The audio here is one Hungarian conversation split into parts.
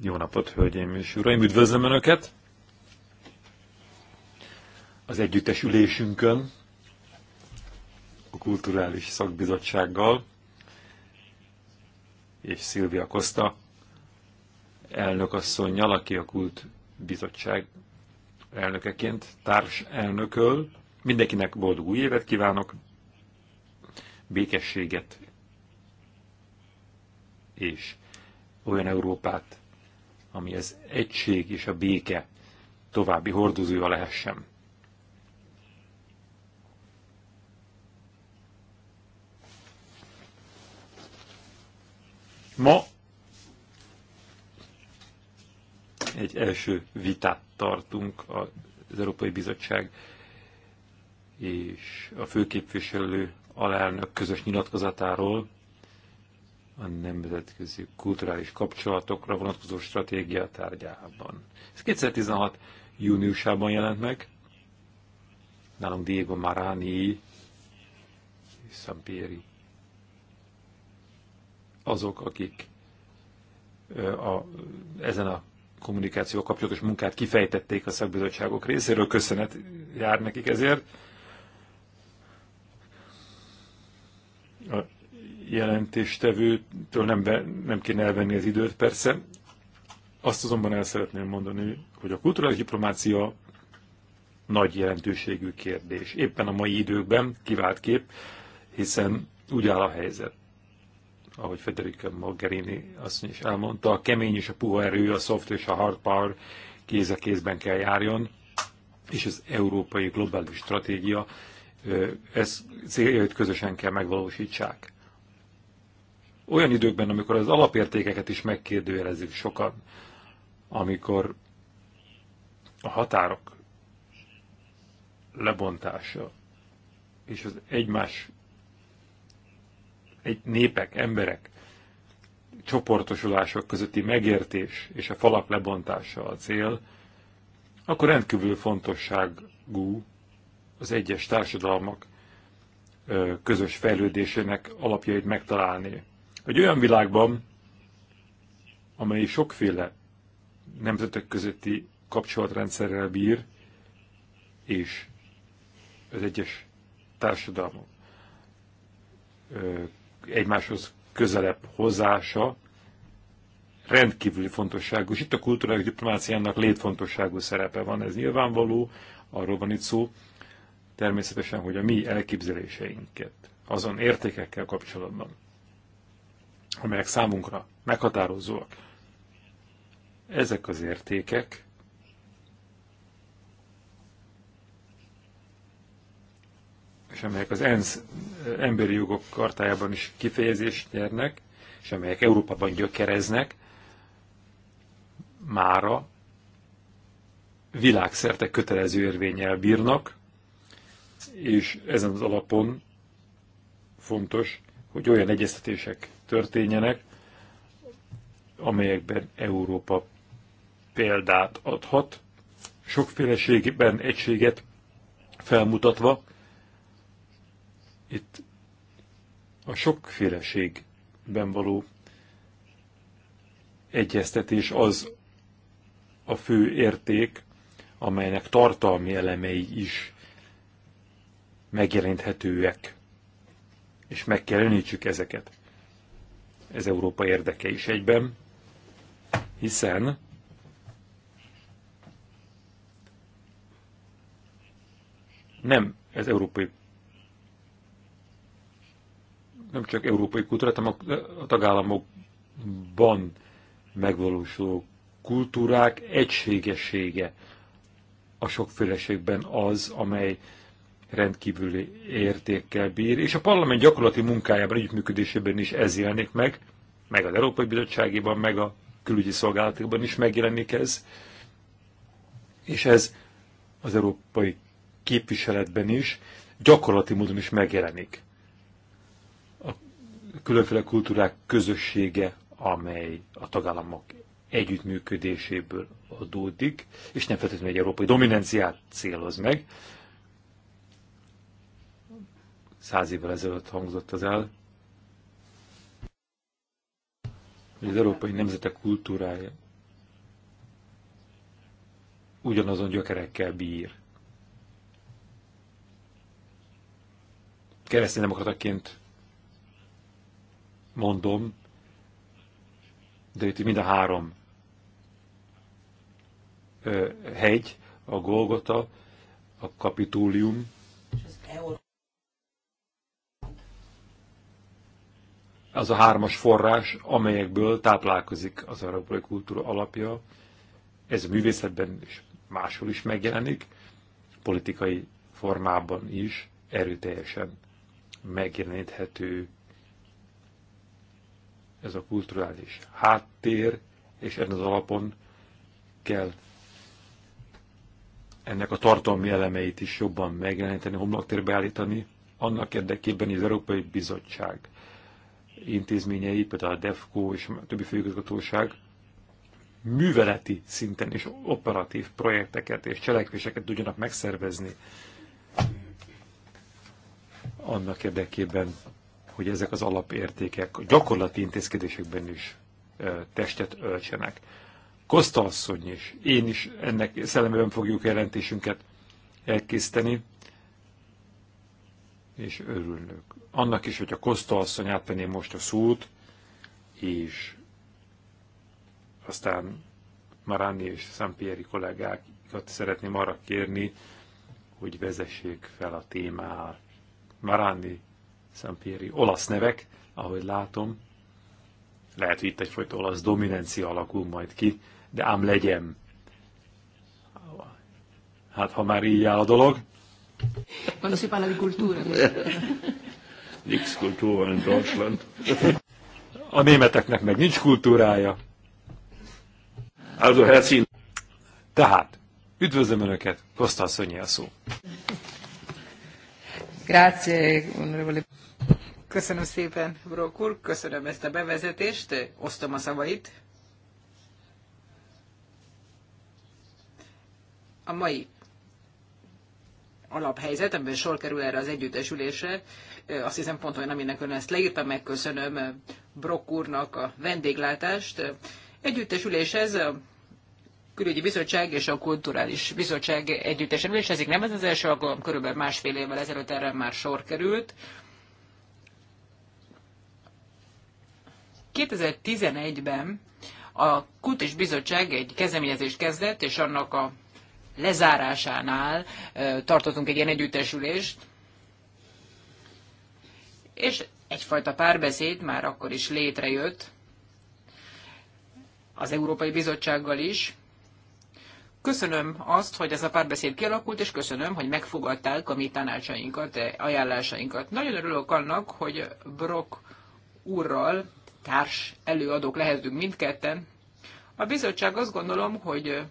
Jó napot, hölgyeim és uraim! Üdvözlöm Önöket! Az együttesülésünkön, a Kulturális Szakbizottsággal és Szilvia Koszta elnökasszonynal, aki a Kult Bizottság elnökeként társ elnököl. Mindenkinek boldog új évet kívánok, békességet, és olyan Európát, ami az egység és a béke további hordozója lehessen. Ma egy első vitát tartunk az Európai Bizottság és a főképviselő alelnök közös nyilatkozatáról, a nemzetközi kulturális kapcsolatokra vonatkozó stratégia tárgyában. Ez 2016 júniusában jelent meg. Nálunk Diego Marani, Sampieri. Azok, akik a, ezen a kommunikáció kapcsolatos munkát kifejtették a szakbizottságok részéről. Köszönet jár nekik ezért. A jelentéstevőtől nem, be, nem kéne elvenni az időt, persze. Azt azonban el szeretném mondani, hogy a kulturális diplomácia nagy jelentőségű kérdés. Éppen a mai időkben kivált kép, hiszen úgy áll a helyzet, ahogy Federica Mogherini azt is elmondta, a kemény és a puha erő, a soft és a hard power kéz a kézben kell járjon, és az európai globális stratégia ezt célját közösen kell megvalósítsák olyan időkben, amikor az alapértékeket is megkérdőjelezik sokan, amikor a határok lebontása és az egymás egy népek, emberek csoportosulások közötti megértés és a falak lebontása a cél, akkor rendkívül fontosságú az egyes társadalmak közös fejlődésének alapjait megtalálni. Egy olyan világban, amely sokféle nemzetek közötti kapcsolatrendszerrel bír, és az egyes társadalmak egymáshoz közelebb hozása rendkívüli fontosságú, és itt a kulturális diplomáciának létfontosságú szerepe van, ez nyilvánvaló, arról van itt szó, természetesen, hogy a mi elképzeléseinket azon értékekkel kapcsolatban, amelyek számunkra meghatározóak. Ezek az értékek és amelyek az ENSZ eh, emberi jogok kartájában is kifejezést nyernek, és amelyek Európában gyökereznek, mára világszerte kötelező érvényel bírnak, és ezen az alapon fontos, hogy olyan egyeztetések történjenek, amelyekben Európa példát adhat, sokféleségben egységet felmutatva. Itt a sokféleségben való egyeztetés az a fő érték, amelynek tartalmi elemei is megjelenthetőek, és meg kell ezeket ez Európa érdeke is egyben, hiszen nem az európai nem csak európai kultúra, hanem a tagállamokban megvalósuló kultúrák egységessége a sokféleségben az, amely rendkívüli értékkel bír, és a parlament gyakorlati munkájában, együttműködésében is ez jelenik meg, meg az Európai Bizottságéban, meg a külügyi szolgálatokban is megjelenik ez, és ez az európai képviseletben is, gyakorlati módon is megjelenik. A különféle kultúrák közössége, amely a tagállamok együttműködéséből adódik, és nem feltétlenül egy európai dominanciát céloz meg, száz évvel ezelőtt hangzott az el, hogy az európai nemzetek kultúrája ugyanazon gyökerekkel bír. Keresztény demokrataként mondom, de itt mind a három hegy, a Golgota, a Kapitólium, és az, az a hármas forrás, amelyekből táplálkozik az európai kultúra alapja. Ez a művészetben is máshol is megjelenik, politikai formában is erőteljesen megjeleníthető ez a kulturális háttér, és ezen az alapon kell ennek a tartalmi elemeit is jobban megjeleníteni, homloktérbe állítani, annak érdekében, hogy az Európai Bizottság intézményei, például a DEFCO és a többi főigazgatóság műveleti szinten és operatív projekteket és cselekvéseket tudjanak megszervezni annak érdekében, hogy ezek az alapértékek a gyakorlati intézkedésekben is testet öltsenek. Kosta asszony is, én is ennek szellemében fogjuk jelentésünket elkészíteni és örülnök. Annak is, hogy a Koszta asszony átvenné most a szót, és aztán Marani és Szampieri kollégákat szeretném arra kérni, hogy vezessék fel a témát. Marani, Szampieri, olasz nevek, ahogy látom. Lehet, hogy itt egyfajta olasz dominancia alakul majd ki, de ám legyen. Hát, ha már így áll a dolog. Quando si parla di cultura. Nix kultúra in Deutschland. A németeknek meg nincs kultúrája. Also herzlichen. Tehát, üdvözlöm Önöket, Szönyi a szó. Grazie, onorevole. Köszönöm szépen, Brokur, köszönöm ezt a bevezetést, osztom a szavait. A mai alaphelyzet, amiben sor kerül erre az együttesülésre. Azt hiszem pont olyan, aminek ön ezt leírta, megköszönöm Brock úrnak a vendéglátást. Együttesülés ez a külügyi bizottság és a kulturális bizottság együttesülés. Ezik nem ez az első alkalom, körülbelül másfél évvel ezelőtt erre már sor került. 2011-ben a Kultus Bizottság egy kezdeményezést kezdett, és annak a lezárásánál tartottunk egy ilyen együttesülést, és egyfajta párbeszéd már akkor is létrejött az Európai Bizottsággal is. Köszönöm azt, hogy ez a párbeszéd kialakult, és köszönöm, hogy megfogadták a mi tanácsainkat, eh, ajánlásainkat. Nagyon örülök annak, hogy Brock úrral társ előadók lehetünk mindketten. A bizottság azt gondolom, hogy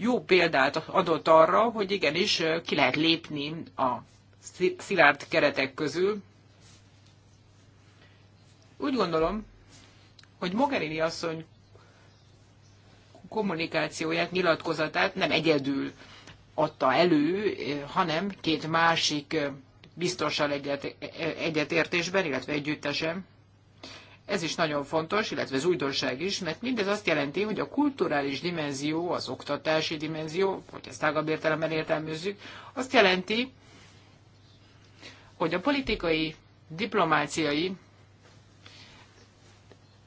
jó példát adott arra, hogy igenis ki lehet lépni a szilárd keretek közül. Úgy gondolom, hogy Mogherini asszony kommunikációját, nyilatkozatát nem egyedül adta elő, hanem két másik biztossal egyet, egyetértésben, illetve együttesen. Ez is nagyon fontos, illetve az újdonság is, mert mindez azt jelenti, hogy a kulturális dimenzió, az oktatási dimenzió, hogy ezt tágabb értelemben értelmezzük, azt jelenti, hogy a politikai, diplomáciai,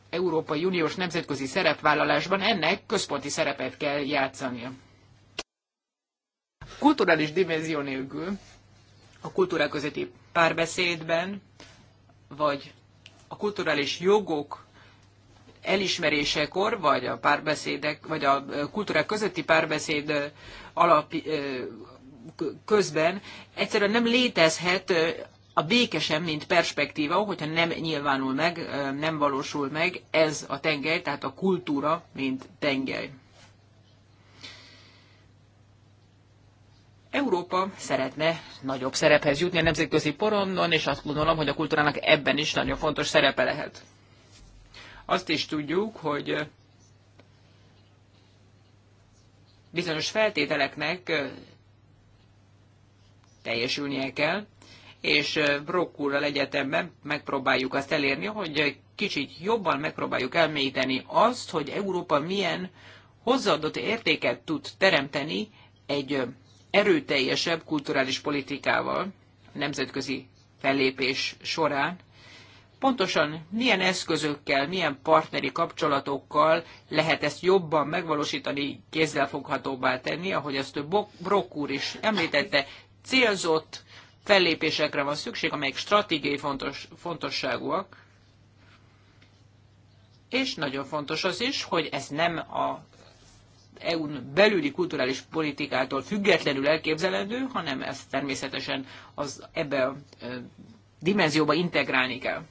Európai Uniós nemzetközi szerepvállalásban ennek központi szerepet kell játszania. Kulturális dimenzió nélkül a kultúrák közötti párbeszédben, vagy a kulturális jogok elismerésekor, vagy a párbeszédek, vagy a kultúrák közötti párbeszéd alap közben egyszerűen nem létezhet a békesen, mint perspektíva, hogyha nem nyilvánul meg, nem valósul meg ez a tengely, tehát a kultúra, mint tengely. Európa szeretne nagyobb szerephez jutni a nemzetközi porondon, és azt gondolom, hogy a kultúrának ebben is nagyon fontos szerepe lehet. Azt is tudjuk, hogy bizonyos feltételeknek teljesülnie kell, és Brokkúrral egyetemben megpróbáljuk azt elérni, hogy kicsit jobban megpróbáljuk elmélyíteni azt, hogy Európa milyen hozzáadott értéket tud teremteni egy erőteljesebb kulturális politikával nemzetközi fellépés során, pontosan milyen eszközökkel, milyen partneri kapcsolatokkal lehet ezt jobban megvalósítani, kézzelfoghatóbbá tenni, ahogy azt Brock úr is említette, célzott fellépésekre van szükség, amelyek stratégiai fontos, fontosságúak, és nagyon fontos az is, hogy ez nem a EU-n belüli kulturális politikától függetlenül elképzelendő, hanem ezt természetesen az ebbe a dimenzióba integrálni kell.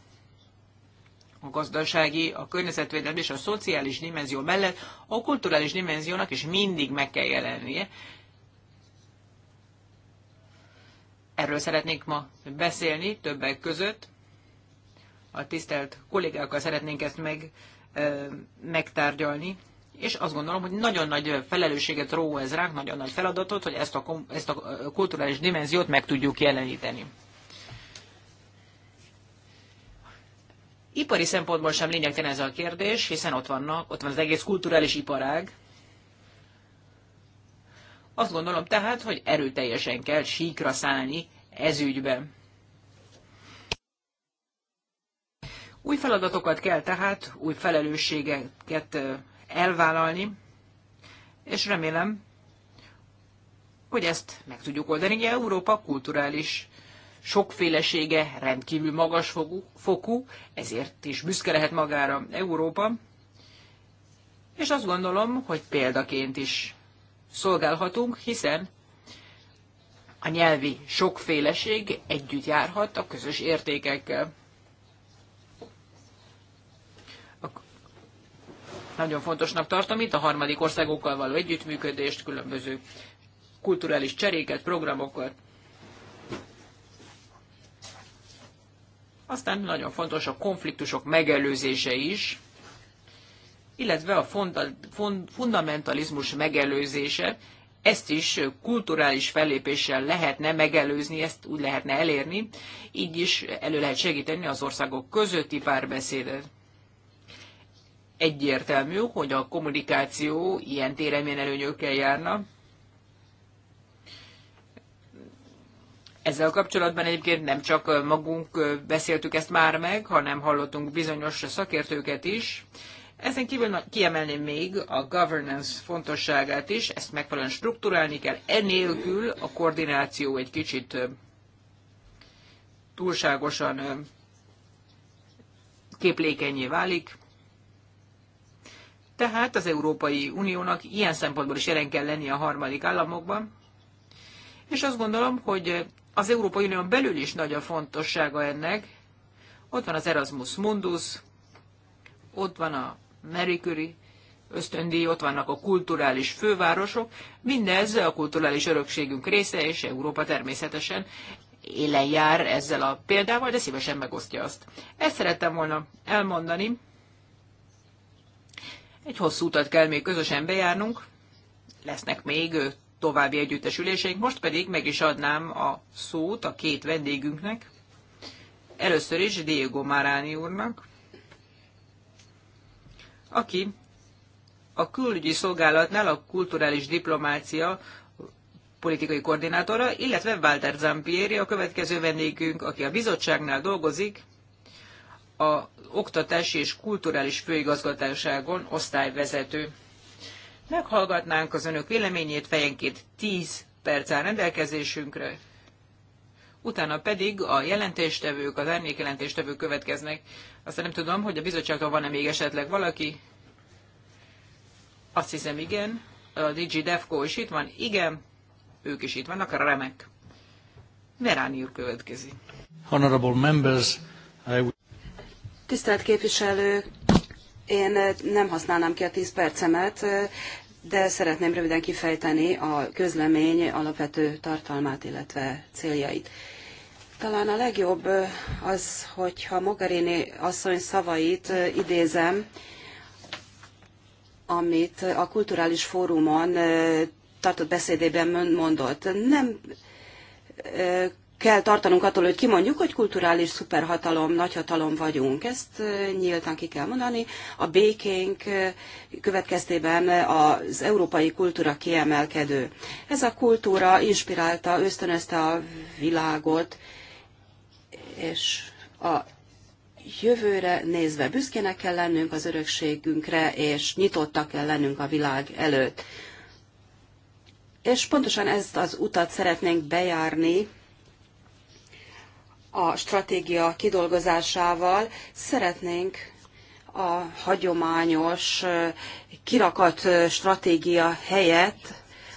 A gazdasági, a környezetvédelmi és a szociális dimenzió mellett a kulturális dimenziónak is mindig meg kell jelennie. Erről szeretnék ma beszélni többek között. A tisztelt kollégákkal szeretnénk ezt meg, megtárgyalni és azt gondolom, hogy nagyon nagy felelősséget ró ez ránk, nagyon nagy feladatot, hogy ezt a, ezt a kulturális dimenziót meg tudjuk jeleníteni. Ipari szempontból sem lényegtelen ez a kérdés, hiszen ott, vannak, ott van az egész kulturális iparág. Azt gondolom tehát, hogy erőteljesen kell síkra szállni ez ügybe. Új feladatokat kell tehát, új felelősségeket elvállalni, és remélem, hogy ezt meg tudjuk oldani. Ugye Európa kulturális sokfélesége rendkívül magas fokú, ezért is büszke lehet magára Európa, és azt gondolom, hogy példaként is szolgálhatunk, hiszen a nyelvi sokféleség együtt járhat a közös értékekkel. nagyon fontosnak tartom itt, a harmadik országokkal való együttműködést, különböző kulturális cseréket, programokat. Aztán nagyon fontos a konfliktusok megelőzése is, illetve a fundamentalizmus megelőzése, ezt is kulturális fellépéssel lehetne megelőzni, ezt úgy lehetne elérni, így is elő lehet segíteni az országok közötti párbeszédet egyértelmű, hogy a kommunikáció ilyen téren milyen előnyökkel járna. Ezzel kapcsolatban egyébként nem csak magunk beszéltük ezt már meg, hanem hallottunk bizonyos szakértőket is. Ezen kívül kiemelném még a governance fontosságát is, ezt megfelelően struktúrálni kell, enélkül a koordináció egy kicsit túlságosan képlékenyé válik. Tehát az Európai Uniónak ilyen szempontból is jelen kell lennie a harmadik államokban, és azt gondolom, hogy az Európai Unión belül is nagy a fontossága ennek. Ott van az Erasmus Mundus, ott van a meriküri ösztöndíj, ott vannak a kulturális fővárosok, mindez a kulturális örökségünk része, és Európa természetesen élen jár ezzel a példával, de szívesen megosztja azt. Ezt szerettem volna elmondani, egy hosszú utat kell még közösen bejárnunk, lesznek még további együttesüléseink, most pedig meg is adnám a szót a két vendégünknek. Először is Diego Maráni úrnak, aki a külügyi szolgálatnál a kulturális diplomácia politikai koordinátora, illetve Walter Zampieri, a következő vendégünk, aki a bizottságnál dolgozik, az Oktatási és Kulturális főigazgatáságon osztályvezető. Meghallgatnánk az önök véleményét fejenként 10 perc áll rendelkezésünkre, utána pedig a jelentéstevők, az árnyékjelentéstevők következnek. Aztán nem tudom, hogy a bizottságtól van-e még esetleg valaki. Azt hiszem, igen. A DG Defco is itt van. Igen, ők is itt vannak, remek. Veráni úr következik. Honorable members, I Tisztelt képviselő, én eh, nem használnám ki a 10 percemet, eh, de szeretném röviden kifejteni a közlemény alapvető tartalmát, illetve céljait. Talán a legjobb eh, az, hogyha Mogherini asszony szavait idézem, amit a kulturális fórumon tartott beszédében mondott. Nem kell tartanunk attól, hogy kimondjuk, hogy kulturális szuperhatalom, nagyhatalom vagyunk. Ezt nyíltan ki kell mondani. A békénk következtében az európai kultúra kiemelkedő. Ez a kultúra inspirálta, ösztönözte a világot, és a jövőre nézve büszkének kell lennünk az örökségünkre, és nyitottak kell lennünk a világ előtt. És pontosan ezt az utat szeretnénk bejárni, a stratégia kidolgozásával szeretnénk a hagyományos kirakat stratégia helyett,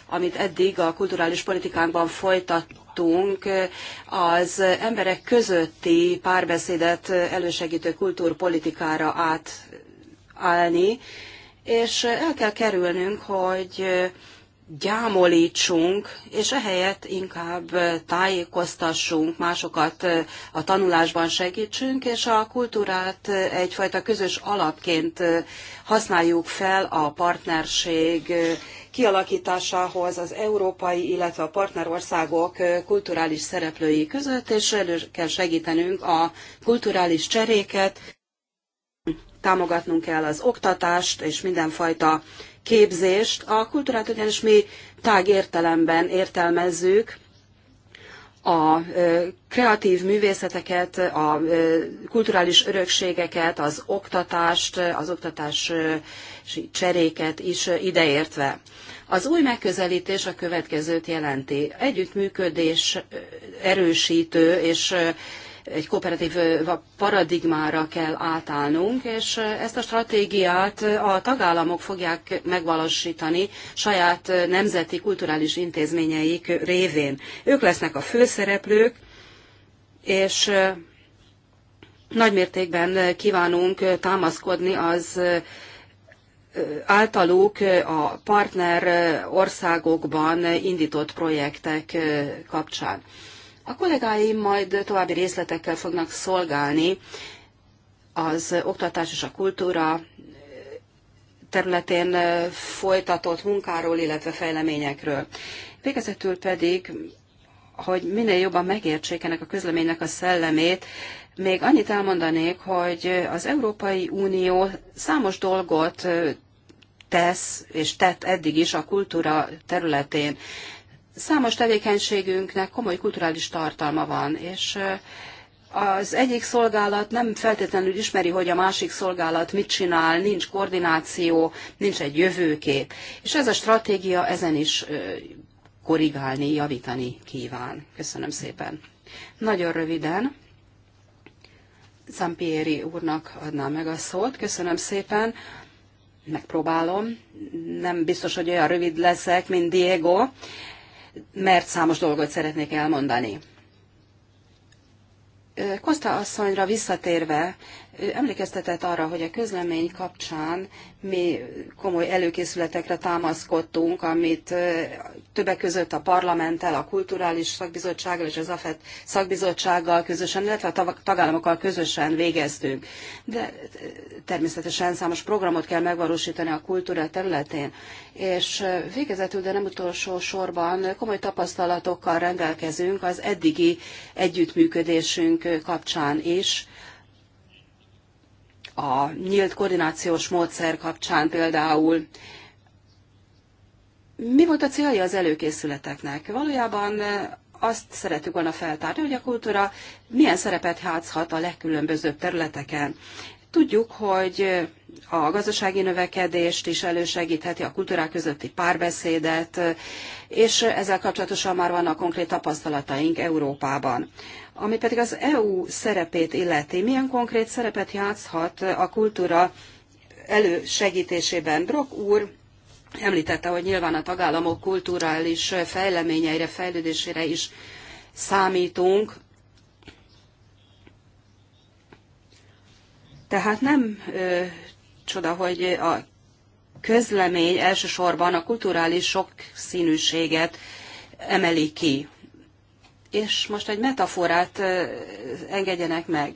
amit eddig a kulturális politikánkban folytattunk, az emberek közötti párbeszédet elősegítő kultúrpolitikára átállni, és el kell kerülnünk, hogy gyámolítsunk, és ehelyett inkább tájékoztassunk másokat, a tanulásban segítsünk, és a kultúrát egyfajta közös alapként használjuk fel a partnerség kialakításához az európai, illetve a partnerországok kulturális szereplői között, és elő kell segítenünk a kulturális cseréket, támogatnunk kell az oktatást és mindenfajta képzést. A kulturált ugyanis mi tág értelemben értelmezzük, a kreatív művészeteket, a kulturális örökségeket, az oktatást, az oktatási cseréket is ideértve. Az új megközelítés a következőt jelenti. Együttműködés erősítő és egy kooperatív paradigmára kell átállnunk, és ezt a stratégiát a tagállamok fogják megvalósítani saját nemzeti kulturális intézményeik révén. Ők lesznek a főszereplők, és nagy mértékben kívánunk támaszkodni az általuk a partner országokban indított projektek kapcsán. A kollégáim majd további részletekkel fognak szolgálni az oktatás és a kultúra területén folytatott munkáról, illetve fejleményekről. Végezetül pedig, hogy minél jobban megértsék ennek a közleménynek a szellemét, még annyit elmondanék, hogy az Európai Unió számos dolgot tesz és tett eddig is a kultúra területén. Számos tevékenységünknek komoly kulturális tartalma van, és az egyik szolgálat nem feltétlenül ismeri, hogy a másik szolgálat mit csinál, nincs koordináció, nincs egy jövőkép. És ez a stratégia ezen is korrigálni, javítani kíván. Köszönöm szépen. Nagyon röviden. Zampieri úrnak adnám meg a szót. Köszönöm szépen. Megpróbálom. Nem biztos, hogy olyan rövid leszek, mint Diego mert számos dolgot szeretnék elmondani. Kosta asszonyra visszatérve emlékeztetett arra, hogy a közlemény kapcsán mi komoly előkészületekre támaszkodtunk, amit többek között a parlamenttel, a kulturális szakbizottsággal és az AFET szakbizottsággal közösen, illetve a tagállamokkal közösen végeztünk. De természetesen számos programot kell megvalósítani a kultúra területén. És végezetül, de nem utolsó sorban komoly tapasztalatokkal rendelkezünk az eddigi együttműködésünk kapcsán is, a nyílt koordinációs módszer kapcsán például. Mi volt a célja az előkészületeknek? Valójában azt szeretük volna feltárni, hogy a kultúra milyen szerepet játszhat a legkülönbözőbb területeken. Tudjuk, hogy a gazdasági növekedést is elősegítheti, a kultúrák közötti párbeszédet, és ezzel kapcsolatosan már vannak konkrét tapasztalataink Európában. Ami pedig az EU szerepét illeti, milyen konkrét szerepet játszhat a kultúra elősegítésében? Brock úr említette, hogy nyilván a tagállamok kulturális fejleményeire, fejlődésére is számítunk. Tehát nem ö, csoda, hogy a közlemény elsősorban a kulturális sokszínűséget emeli ki. És most egy metaforát engedjenek meg.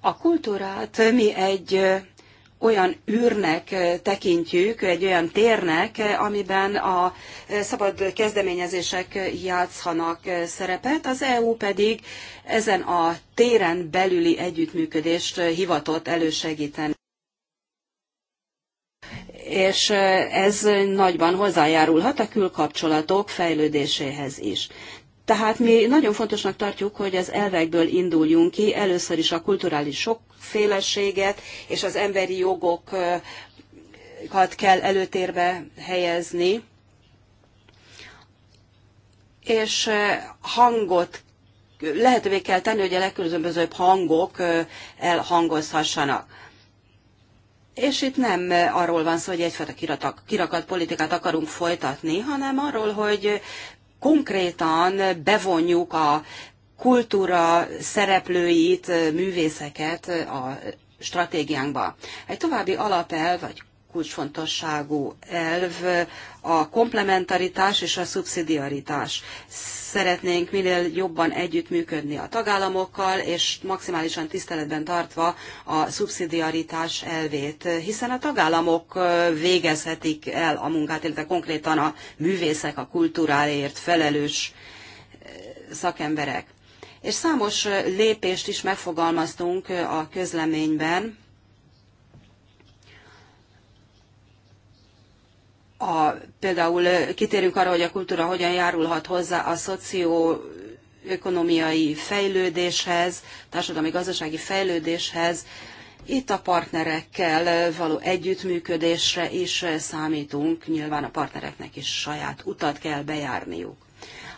A kultúrát mi egy olyan űrnek tekintjük, egy olyan térnek, amiben a szabad kezdeményezések játszhanak szerepet, az EU pedig ezen a téren belüli együttműködést hivatott elősegíteni. És ez nagyban hozzájárulhat a külkapcsolatok fejlődéséhez is. Tehát mi nagyon fontosnak tartjuk, hogy az elvekből induljunk ki, először is a kulturális sokféleséget és az emberi jogokat kell előtérbe helyezni, és hangot lehetővé kell tenni, hogy a legkülönbözőbb hangok elhangozhassanak. És itt nem arról van szó, hogy egyfajta kirakat politikát akarunk folytatni, hanem arról, hogy konkrétan bevonjuk a kultúra szereplőit, művészeket a stratégiánkba. Egy további alapelv, vagy kulcsfontosságú elv a komplementaritás és a szubszidiaritás szeretnénk minél jobban együttműködni a tagállamokkal, és maximálisan tiszteletben tartva a szubszidiaritás elvét, hiszen a tagállamok végezhetik el a munkát, illetve konkrétan a művészek, a kultúráért felelős szakemberek. És számos lépést is megfogalmaztunk a közleményben, a, például kitérünk arra, hogy a kultúra hogyan járulhat hozzá a szoció ökonomiai fejlődéshez, társadalmi-gazdasági fejlődéshez. Itt a partnerekkel való együttműködésre is számítunk, nyilván a partnereknek is saját utat kell bejárniuk.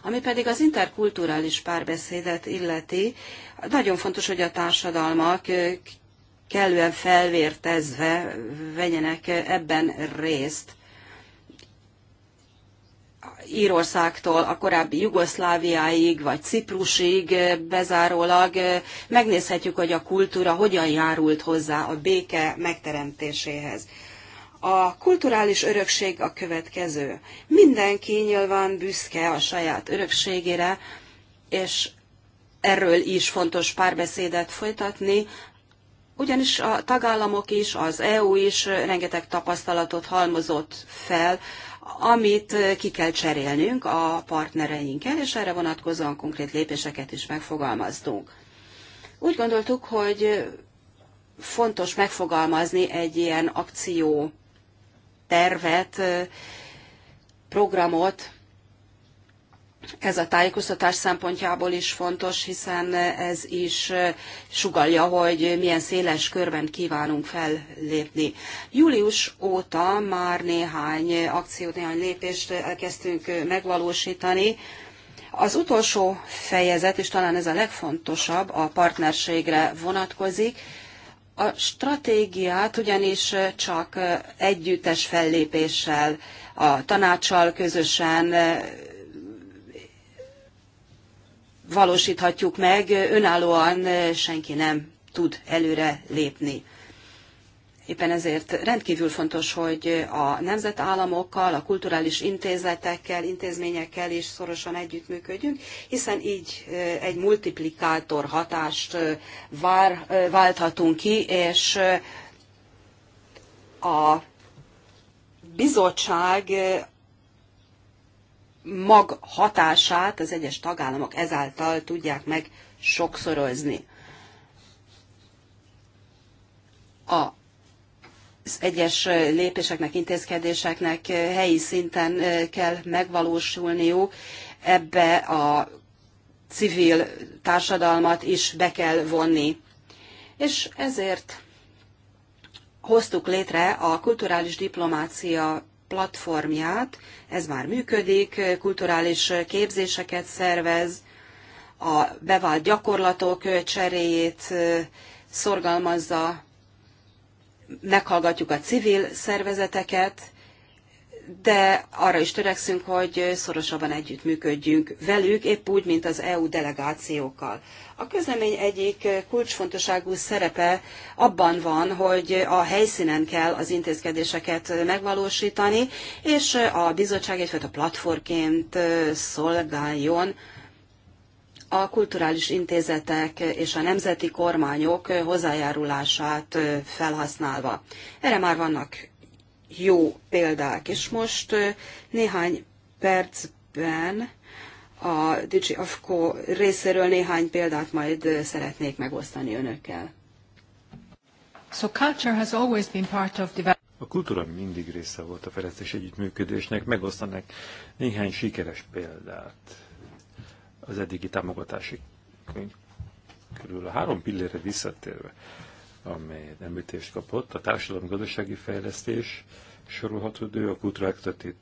Ami pedig az interkulturális párbeszédet illeti, nagyon fontos, hogy a társadalmak kellően felvértezve vegyenek ebben részt. Írországtól a korábbi Jugoszláviáig, vagy Ciprusig bezárólag megnézhetjük, hogy a kultúra hogyan járult hozzá a béke megteremtéséhez. A kulturális örökség a következő. Mindenki nyilván büszke a saját örökségére, és erről is fontos párbeszédet folytatni, ugyanis a tagállamok is, az EU is rengeteg tapasztalatot halmozott fel amit eh, ki kell cserélnünk a partnereinkkel, és erre vonatkozóan konkrét lépéseket is megfogalmaztunk. Úgy gondoltuk, hogy fontos megfogalmazni egy ilyen akció tervet, eh, programot, ez a tájékoztatás szempontjából is fontos, hiszen ez is sugalja, hogy milyen széles körben kívánunk fellépni. Július óta már néhány akciót, néhány lépést elkezdtünk megvalósítani. Az utolsó fejezet, és talán ez a legfontosabb, a partnerségre vonatkozik. A stratégiát ugyanis csak együttes fellépéssel, a tanácssal közösen valósíthatjuk meg, önállóan senki nem tud előre lépni. Éppen ezért rendkívül fontos, hogy a nemzetállamokkal, a kulturális intézetekkel, intézményekkel is szorosan együttműködjünk, hiszen így egy multiplikátor hatást vár, válthatunk ki, és a bizottság mag hatását az egyes tagállamok ezáltal tudják meg sokszorozni. A az egyes lépéseknek, intézkedéseknek helyi szinten kell megvalósulniuk, ebbe a civil társadalmat is be kell vonni. És ezért hoztuk létre a kulturális diplomácia platformját, ez már működik, kulturális képzéseket szervez, a bevált gyakorlatok cseréjét szorgalmazza, meghallgatjuk a civil szervezeteket, de arra is törekszünk, hogy szorosabban együttműködjünk velük, épp úgy, mint az EU delegációkkal. A közlemény egyik kulcsfontosságú szerepe abban van, hogy a helyszínen kell az intézkedéseket megvalósítani, és a bizottság egyfajta platformként szolgáljon a kulturális intézetek és a nemzeti kormányok hozzájárulását felhasználva. Erre már vannak jó példák. És most néhány percben a Digi Afko részéről néhány példát majd szeretnék megosztani önökkel. So culture has always been part of the... A kultúra mindig része volt a fejlesztés együttműködésnek, megosztanak néhány sikeres példát az eddigi támogatási könyv körül. A három pillére visszatérve, amely említést kapott, a társadalom-gazdasági fejlesztés sorolható idő, a kultúráltatati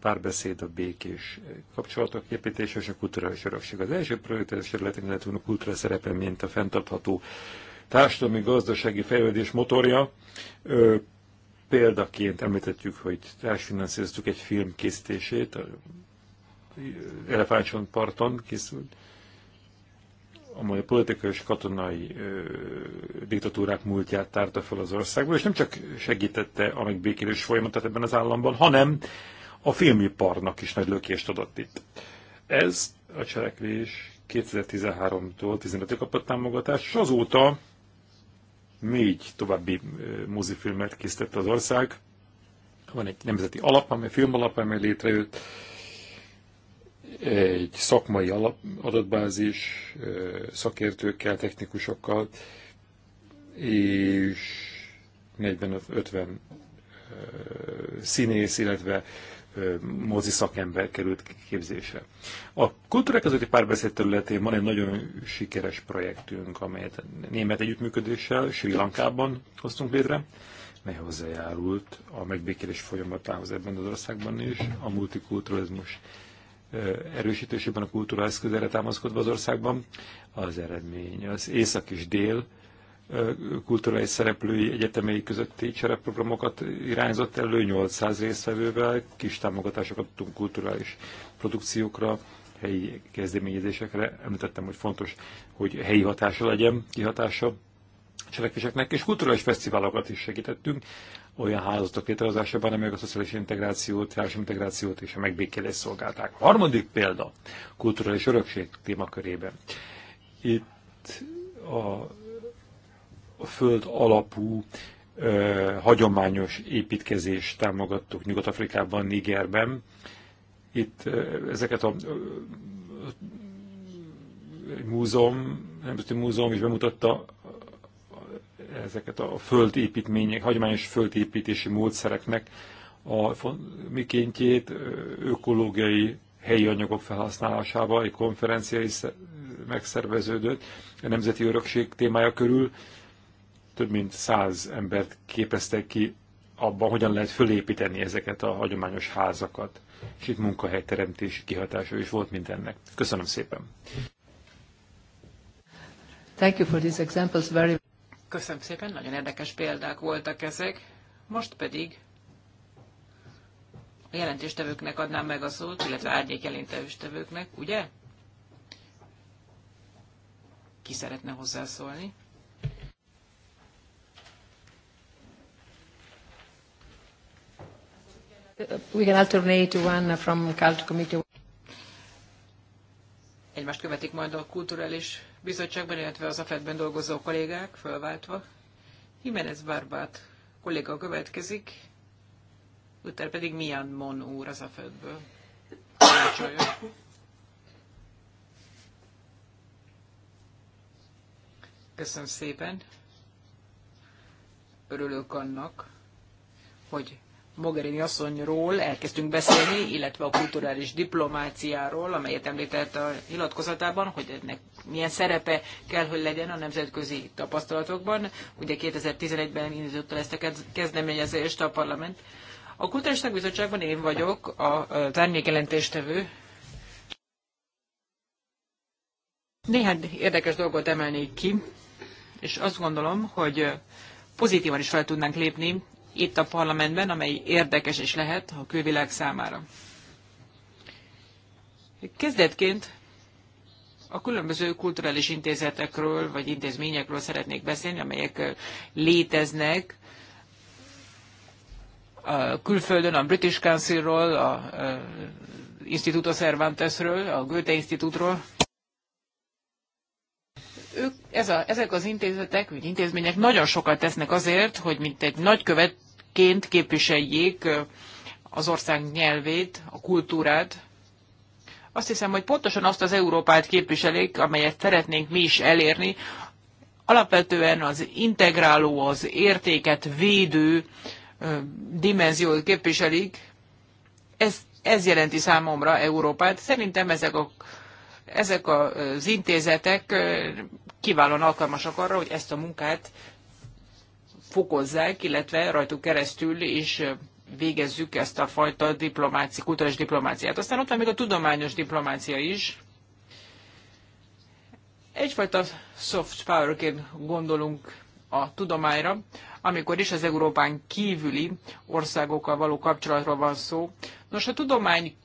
párbeszéd, a békés kapcsolatok építése és a kulturális örökség. Az első prioritás területen lehet a kultúra szerepe, mint a fenntartható társadalmi gazdasági fejlődés motorja. példaként említettük, hogy társfinanszíroztuk egy film készítését, Elefántson parton készült, amely a politikai és katonai ö, diktatúrák múltját tárta fel az országból, és nem csak segítette a megbékélés folyamatát ebben az államban, hanem a filmiparnak is nagy lökést adott itt. Ez a cselekvés 2013-tól 15-ig kapott támogatást, és azóta négy további mozifilmet készített az ország. Van egy nemzeti alap, amely filmalap, amely létrejött, egy szakmai alap, adatbázis szakértőkkel, technikusokkal, és 40-50 színész, illetve mozi szakember került képzésre. A kultúra közötti párbeszéd területén van egy nagyon sikeres projektünk, amelyet német együttműködéssel Sri Lankában hoztunk létre, mely hozzájárult a megbékélés folyamatához ebben az országban is, a multikulturalizmus erősítésében a kultúra eszközére támaszkodva az országban. Az eredmény az észak és dél kulturális szereplői egyetemei közötti csereprogramokat irányzott elő 800 résztvevővel, kis támogatásokat adtunk kulturális produkciókra, helyi kezdeményezésekre. Említettem, hogy fontos, hogy helyi hatása legyen, kihatása cselekvéseknek, és kulturális fesztiválokat is segítettünk, olyan hálózatok létrehozásában, amelyek a szociális integrációt, társadalmi integrációt és a megbékélést szolgálták. A harmadik példa kulturális örökség témakörében. Itt a, a föld alapú ö, hagyományos építkezést támogattuk Nyugat-Afrikában, Nigerben. Itt ö, ezeket a ö, múzeum, nemzeti múzeum is bemutatta ezeket a földépítmények, hagyományos földépítési módszereknek a mikéntjét ökológiai helyi anyagok felhasználásába egy konferencia is megszerveződött a Nemzeti Örökség témája körül. Több mint száz embert képeztek ki abban, hogyan lehet fölépíteni ezeket a hagyományos házakat. És itt munkahelyteremtési kihatása is volt mindennek. Köszönöm szépen! Thank you for these examples. Very... Köszönöm szépen, nagyon érdekes példák voltak ezek. Most pedig a jelentéstevőknek adnám meg a szót, illetve árnyék jelentéstevőknek, ugye? Ki szeretne hozzászólni? We can alternate one from cult committee. Egymást követik majd a kulturális bizottságban, illetve az AFED-ben dolgozó kollégák fölváltva. Jimenez Barbát kolléga következik, utána pedig Mian Mon úr az AFED-ből. Köszönöm szépen. Örülök annak, hogy Mogherini asszonyról elkezdtünk beszélni, illetve a kulturális diplomáciáról, amelyet említett a nyilatkozatában, hogy ennek milyen szerepe kell, hogy legyen a nemzetközi tapasztalatokban. Ugye 2011-ben indította ezt a kezdeményezést a parlament. A Kulturális Tagbizottságban én vagyok a tárnyékjelentéstevő. Néhány érdekes dolgot emelnék ki, és azt gondolom, hogy pozitívan is fel tudnánk lépni itt a parlamentben, amely érdekes is lehet a külvilág számára. Kezdetként a különböző kulturális intézetekről vagy intézményekről szeretnék beszélni, amelyek léteznek a külföldön, a British Councilról, a Instituto Cervantesről, a Goethe Institutról. Ők, ez a, ezek az intézetek, vagy intézmények nagyon sokat tesznek azért, hogy mint egy nagykövetként képviseljék az ország nyelvét, a kultúrát. Azt hiszem, hogy pontosan azt az Európát képviselik, amelyet szeretnénk mi is elérni. Alapvetően az integráló, az értéket védő dimenziót képviselik. Ez, ez jelenti számomra Európát. Szerintem ezek a ezek az intézetek kiválóan alkalmasak arra, hogy ezt a munkát fokozzák, illetve rajtuk keresztül is végezzük ezt a fajta diplomáci, kulturális diplomáciát. Aztán ott van még a tudományos diplomácia is. Egyfajta soft power-ként gondolunk a tudományra, amikor is az Európán kívüli országokkal való kapcsolatról van szó. Nos, a tudomány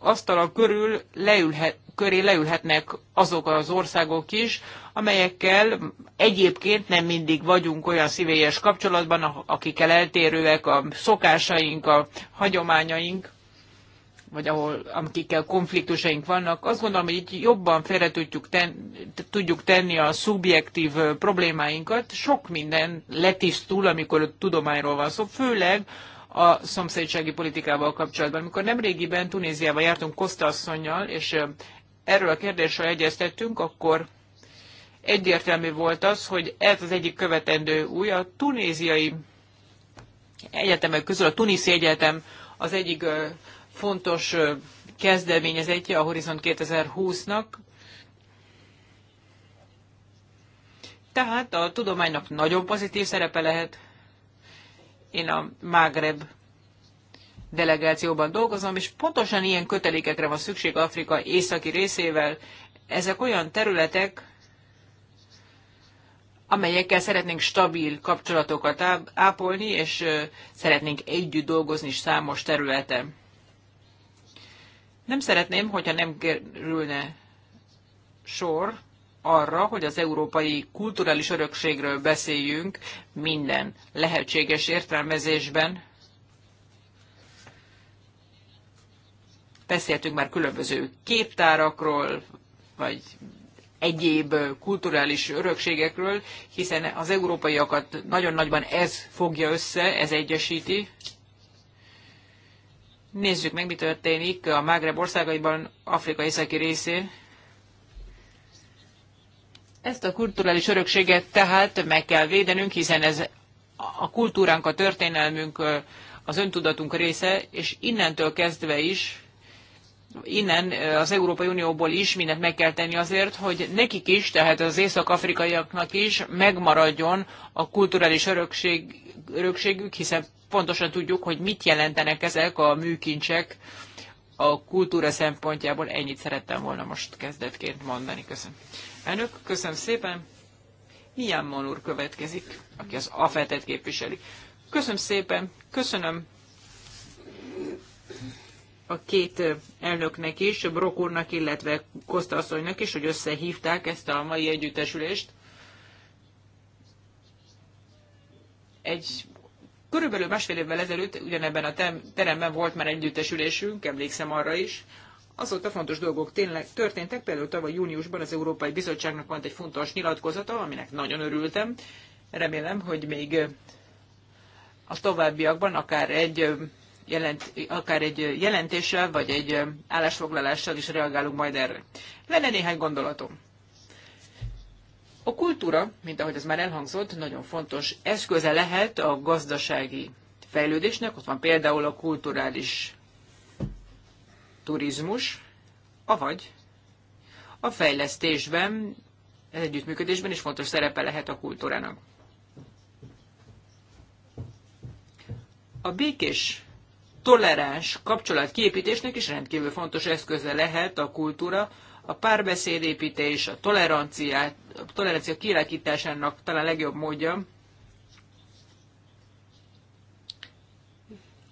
asztala körül leülhet, köré leülhetnek azok az országok is, amelyekkel egyébként nem mindig vagyunk olyan szívélyes kapcsolatban, akikkel eltérőek a szokásaink, a hagyományaink, vagy ahol, amikkel konfliktusaink vannak. Azt gondolom, hogy így jobban félre tudjuk, ten, tudjuk tenni a szubjektív problémáinkat. Sok minden letisztul, amikor tudományról van szó, főleg a szomszédsági politikával kapcsolatban. Amikor nemrégiben Tunéziával jártunk Koszta asszonynal, és erről a kérdésről egyeztettünk, akkor egyértelmű volt az, hogy ez az egyik követendő új, a tunéziai egyetemek közül a Tuniszi Egyetem az egyik fontos kezdeményezetje a Horizont 2020-nak. Tehát a tudománynak nagyon pozitív szerepe lehet én a Mágreb delegációban dolgozom, és pontosan ilyen kötelékekre van szükség Afrika északi részével. Ezek olyan területek, amelyekkel szeretnénk stabil kapcsolatokat ápolni, és szeretnénk együtt dolgozni számos területen. Nem szeretném, hogyha nem kerülne sor arra, hogy az európai kulturális örökségről beszéljünk minden lehetséges értelmezésben. Beszéltünk már különböző képtárakról, vagy egyéb kulturális örökségekről, hiszen az európaiakat nagyon nagyban ez fogja össze, ez egyesíti. Nézzük meg, mi történik a Mágreb országaiban, Afrika északi részén. Ezt a kulturális örökséget tehát meg kell védenünk, hiszen ez a kultúránk, a történelmünk, az öntudatunk része, és innentől kezdve is, innen az Európai Unióból is mindent meg kell tenni azért, hogy nekik is, tehát az észak-afrikaiaknak is megmaradjon a kulturális örökség, örökségük, hiszen pontosan tudjuk, hogy mit jelentenek ezek a műkincsek a kultúra szempontjából. Ennyit szerettem volna most kezdetként mondani. Köszönöm. Elnök, köszönöm szépen. Milyen Monur következik, aki az afetet képviseli. Köszönöm szépen, köszönöm a két elnöknek is, Brok úrnak, illetve Koszta asszonynak is, hogy összehívták ezt a mai együttesülést. Egy körülbelül másfél évvel ezelőtt ugyanebben a teremben volt már együttesülésünk, emlékszem arra is. Azóta fontos dolgok tényleg történtek, például tavaly júniusban az Európai Bizottságnak volt egy fontos nyilatkozata, aminek nagyon örültem. Remélem, hogy még a továbbiakban akár egy, jelent, akár egy jelentéssel, vagy egy állásfoglalással is reagálunk majd erre. Lenne néhány gondolatom. A kultúra, mint ahogy ez már elhangzott, nagyon fontos eszköze lehet a gazdasági fejlődésnek. Ott van például a kulturális turizmus, avagy a fejlesztésben, együttműködésben is fontos szerepe lehet a kultúrának. A békés, toleráns kapcsolat kiépítésnek is rendkívül fontos eszköze lehet a kultúra, a párbeszédépítés, a tolerancia, a tolerancia kialakításának talán legjobb módja,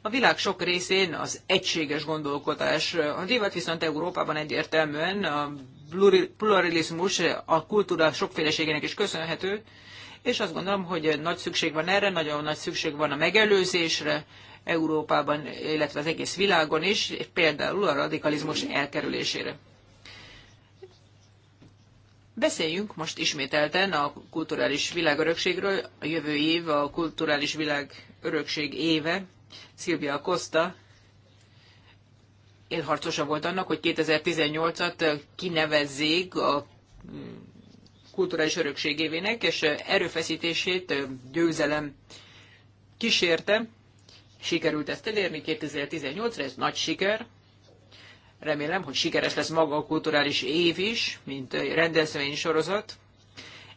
A világ sok részén az egységes gondolkodás a divat, viszont Európában egyértelműen a pluralizmus a kultúra sokféleségének is köszönhető, és azt gondolom, hogy nagy szükség van erre, nagyon nagy szükség van a megelőzésre Európában, illetve az egész világon is, például a radikalizmus elkerülésére. Beszéljünk most ismételten a kulturális világörökségről. A jövő év a kulturális világörökség éve. Szilvia Costa élharcosa volt annak, hogy 2018-at kinevezzék a kulturális örökségévének, és erőfeszítését győzelem kísérte. Sikerült ezt elérni 2018-ra, ez nagy siker. Remélem, hogy sikeres lesz maga a kulturális év is, mint rendezvény sorozat.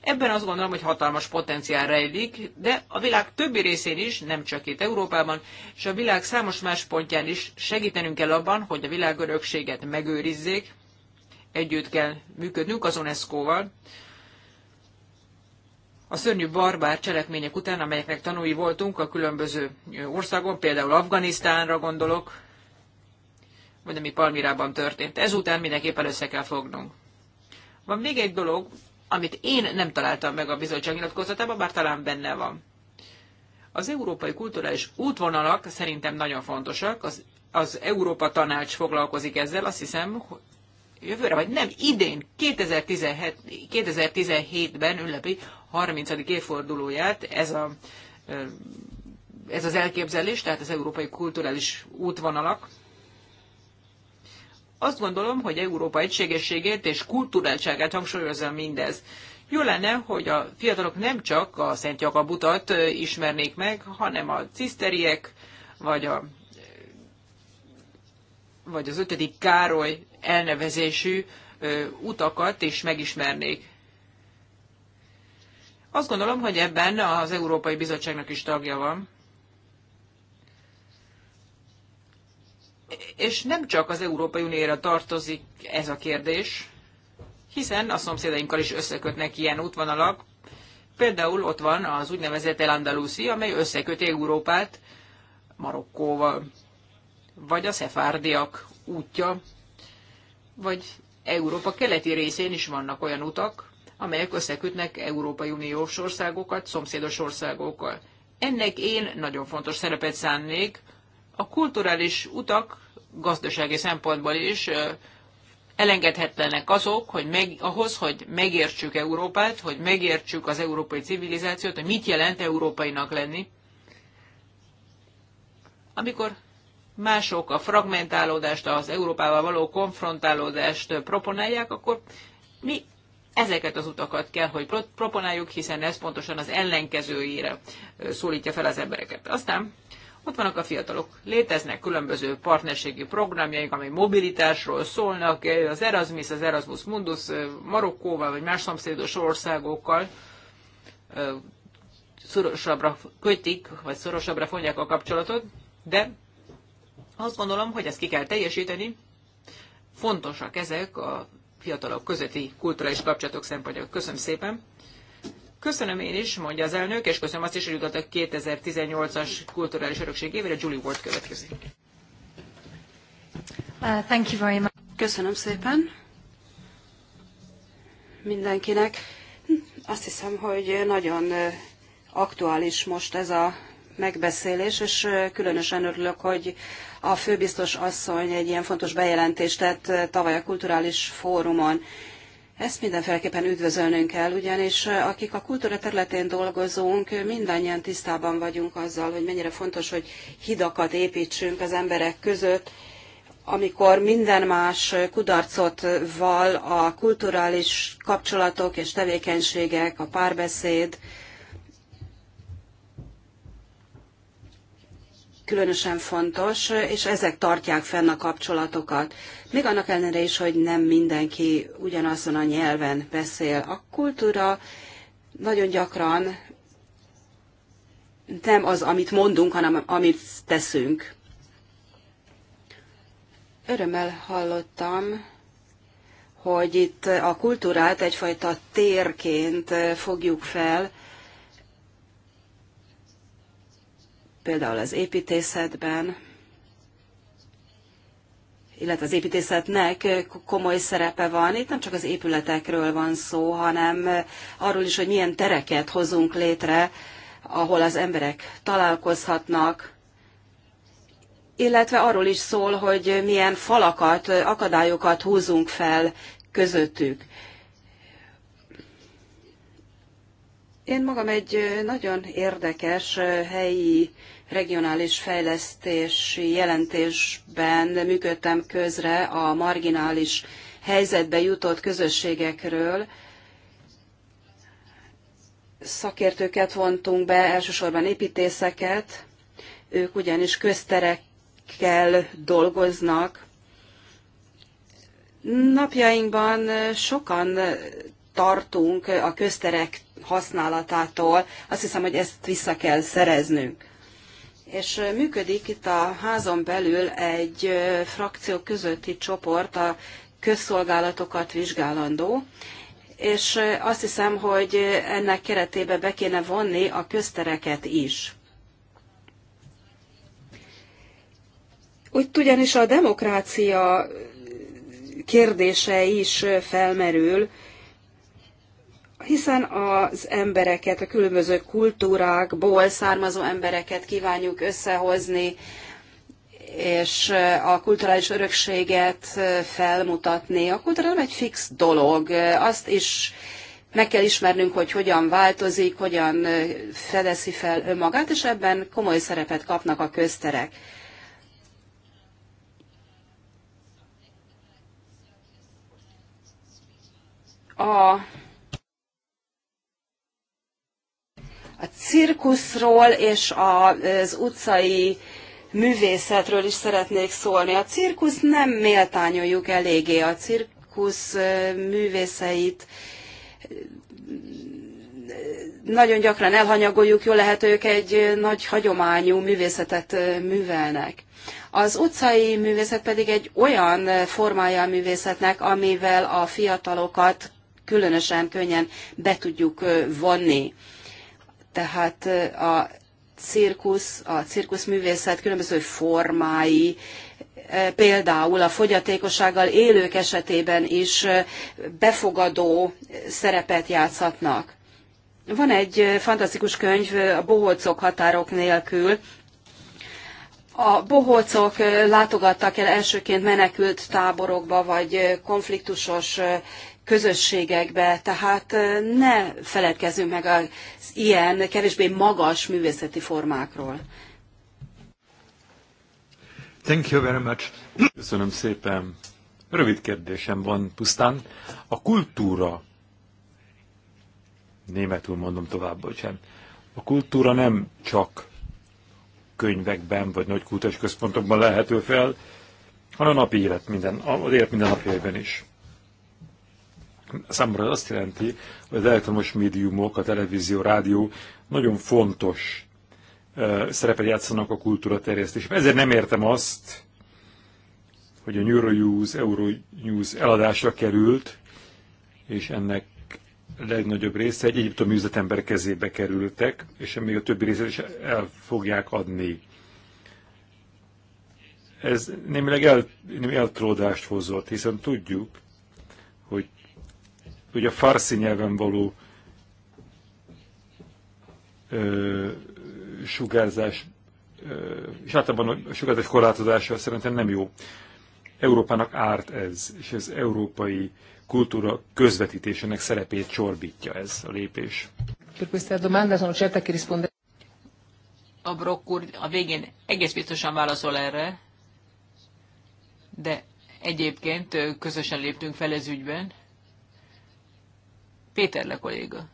Ebben azt gondolom, hogy hatalmas potenciál rejlik, de a világ többi részén is, nem csak itt Európában, és a világ számos más pontján is segítenünk kell abban, hogy a világörökséget megőrizzék, együtt kell működnünk az UNESCO-val, a szörnyű barbár cselekmények után, amelyeknek tanúi voltunk a különböző országon, például Afganisztánra gondolok, vagy ami Palmirában történt. Ezután mindenképpen össze kell fognunk. Van még egy dolog, amit én nem találtam meg a bizottság nyilatkozatában, bár talán benne van. Az európai kulturális útvonalak szerintem nagyon fontosak, az, az Európa Tanács foglalkozik ezzel, azt hiszem, jövőre, vagy nem, idén, 2017, 2017-ben ünnepi 30. évfordulóját ez, a, ez az elképzelés, tehát az európai kulturális útvonalak azt gondolom, hogy Európa egységességét és kultúráltságát hangsúlyozza mindez. Jó lenne, hogy a fiatalok nem csak a Szent Jakab utat ismernék meg, hanem a ciszteriek, vagy a vagy az ötödik Károly elnevezésű utakat is megismernék. Azt gondolom, hogy ebben az Európai Bizottságnak is tagja van. és nem csak az Európai Unióra tartozik ez a kérdés, hiszen a szomszédainkkal is összekötnek ilyen útvonalak. Például ott van az úgynevezett El Andalusi, amely összeköti Európát Marokkóval, vagy a szefárdiak útja, vagy Európa keleti részén is vannak olyan utak, amelyek összekötnek Európai Uniós országokat szomszédos országokkal. Ennek én nagyon fontos szerepet szánnék, a kulturális utak gazdasági szempontból is elengedhetlenek azok, hogy meg, ahhoz, hogy megértsük Európát, hogy megértsük az európai civilizációt, hogy mit jelent európainak lenni. Amikor mások a fragmentálódást, az Európával való konfrontálódást proponálják, akkor mi ezeket az utakat kell, hogy proponáljuk, hiszen ez pontosan az ellenkezőjére szólítja fel az embereket. Aztán ott vannak a fiatalok. Léteznek különböző partnerségi programjaink, amely mobilitásról szólnak, az Erasmus, az Erasmus Mundus Marokkóval, vagy más szomszédos országokkal szorosabbra kötik, vagy szorosabbra fonják a kapcsolatot, de azt gondolom, hogy ezt ki kell teljesíteni. Fontosak ezek a fiatalok közötti kulturális kapcsolatok szempontjából. Köszönöm szépen! Köszönöm én is, mondja az elnök, és köszönöm azt is, hogy a 2018-as kulturális örökség évére. Julie Ward következik. Uh, thank you very much. Köszönöm szépen mindenkinek. Azt hiszem, hogy nagyon uh, aktuális most ez a megbeszélés, és uh, különösen örülök, hogy a főbiztos asszony egy ilyen fontos bejelentést tett uh, tavaly a kulturális fórumon. Ezt mindenféleképpen üdvözölnünk kell, ugyanis akik a kultúra területén dolgozunk, mindannyian tisztában vagyunk azzal, hogy mennyire fontos, hogy hidakat építsünk az emberek között, amikor minden más kudarcot val a kulturális kapcsolatok és tevékenységek, a párbeszéd, különösen fontos, és ezek tartják fenn a kapcsolatokat. Még annak ellenére is, hogy nem mindenki ugyanazon a nyelven beszél. A kultúra nagyon gyakran nem az, amit mondunk, hanem amit teszünk. Örömmel hallottam, hogy itt a kultúrát egyfajta térként fogjuk fel, például az építészetben, illetve az építészetnek komoly szerepe van. Itt nem csak az épületekről van szó, hanem arról is, hogy milyen tereket hozunk létre, ahol az emberek találkozhatnak, illetve arról is szól, hogy milyen falakat, akadályokat húzunk fel közöttük. Én magam egy nagyon érdekes helyi regionális fejlesztési jelentésben működtem közre a marginális helyzetbe jutott közösségekről. Szakértőket vontunk be, elsősorban építészeket, ők ugyanis közterekkel dolgoznak. Napjainkban sokan tartunk a közterek használatától. Azt hiszem, hogy ezt vissza kell szereznünk. És működik itt a házon belül egy frakció közötti csoport, a közszolgálatokat vizsgálandó, és azt hiszem, hogy ennek keretébe be kéne vonni a köztereket is. Úgy ugyanis a demokrácia kérdése is felmerül, hiszen az embereket, a különböző kultúrákból származó embereket kívánjuk összehozni, és a kulturális örökséget felmutatni. A kultúra nem egy fix dolog, azt is meg kell ismernünk, hogy hogyan változik, hogyan fedezi fel önmagát, és ebben komoly szerepet kapnak a közterek. A a cirkuszról és az utcai művészetről is szeretnék szólni. A cirkusz nem méltányoljuk eléggé. A cirkusz művészeit nagyon gyakran elhanyagoljuk, jó lehet ők egy nagy hagyományú művészetet művelnek. Az utcai művészet pedig egy olyan formája a művészetnek, amivel a fiatalokat különösen könnyen be tudjuk vonni tehát a cirkusz, a cirkuszművészet különböző formái, például a fogyatékossággal élők esetében is befogadó szerepet játszhatnak. Van egy fantasztikus könyv, a Bohócok határok nélkül. A bohócok látogattak el elsőként menekült táborokba, vagy konfliktusos közösségekbe, tehát ne feledkezzünk meg az ilyen, kevésbé magas művészeti formákról. Thank you very much. Köszönöm szépen. Rövid kérdésem van pusztán. A kultúra, németül mondom tovább, bocsánat, a kultúra nem csak könyvekben vagy nagy kultúrás központokban lehető fel, hanem a napi élet minden, az élet minden napjaiban is. Számomra azt jelenti, hogy az elektromos médiumok, a televízió, rádió nagyon fontos szerepet játszanak a kultúra terjesztésében. Ezért nem értem azt, hogy a Euronews, Euronews eladásra került, és ennek legnagyobb része egy egyiptomi üzletember kezébe kerültek, és még a többi részét is el fogják adni. Ez némileg el, némi eltródást hozott, hiszen tudjuk, hogy hogy a farsi nyelven való ö, sugárzás, ö, és általában a sugárzás korlátozása szerintem nem jó. Európának árt ez, és az európai kultúra közvetítésének szerepét csorbítja ez a lépés. A Brock úr a végén egész biztosan válaszol erre, de egyébként közösen léptünk fel ez ügyben. Péter le kolléga.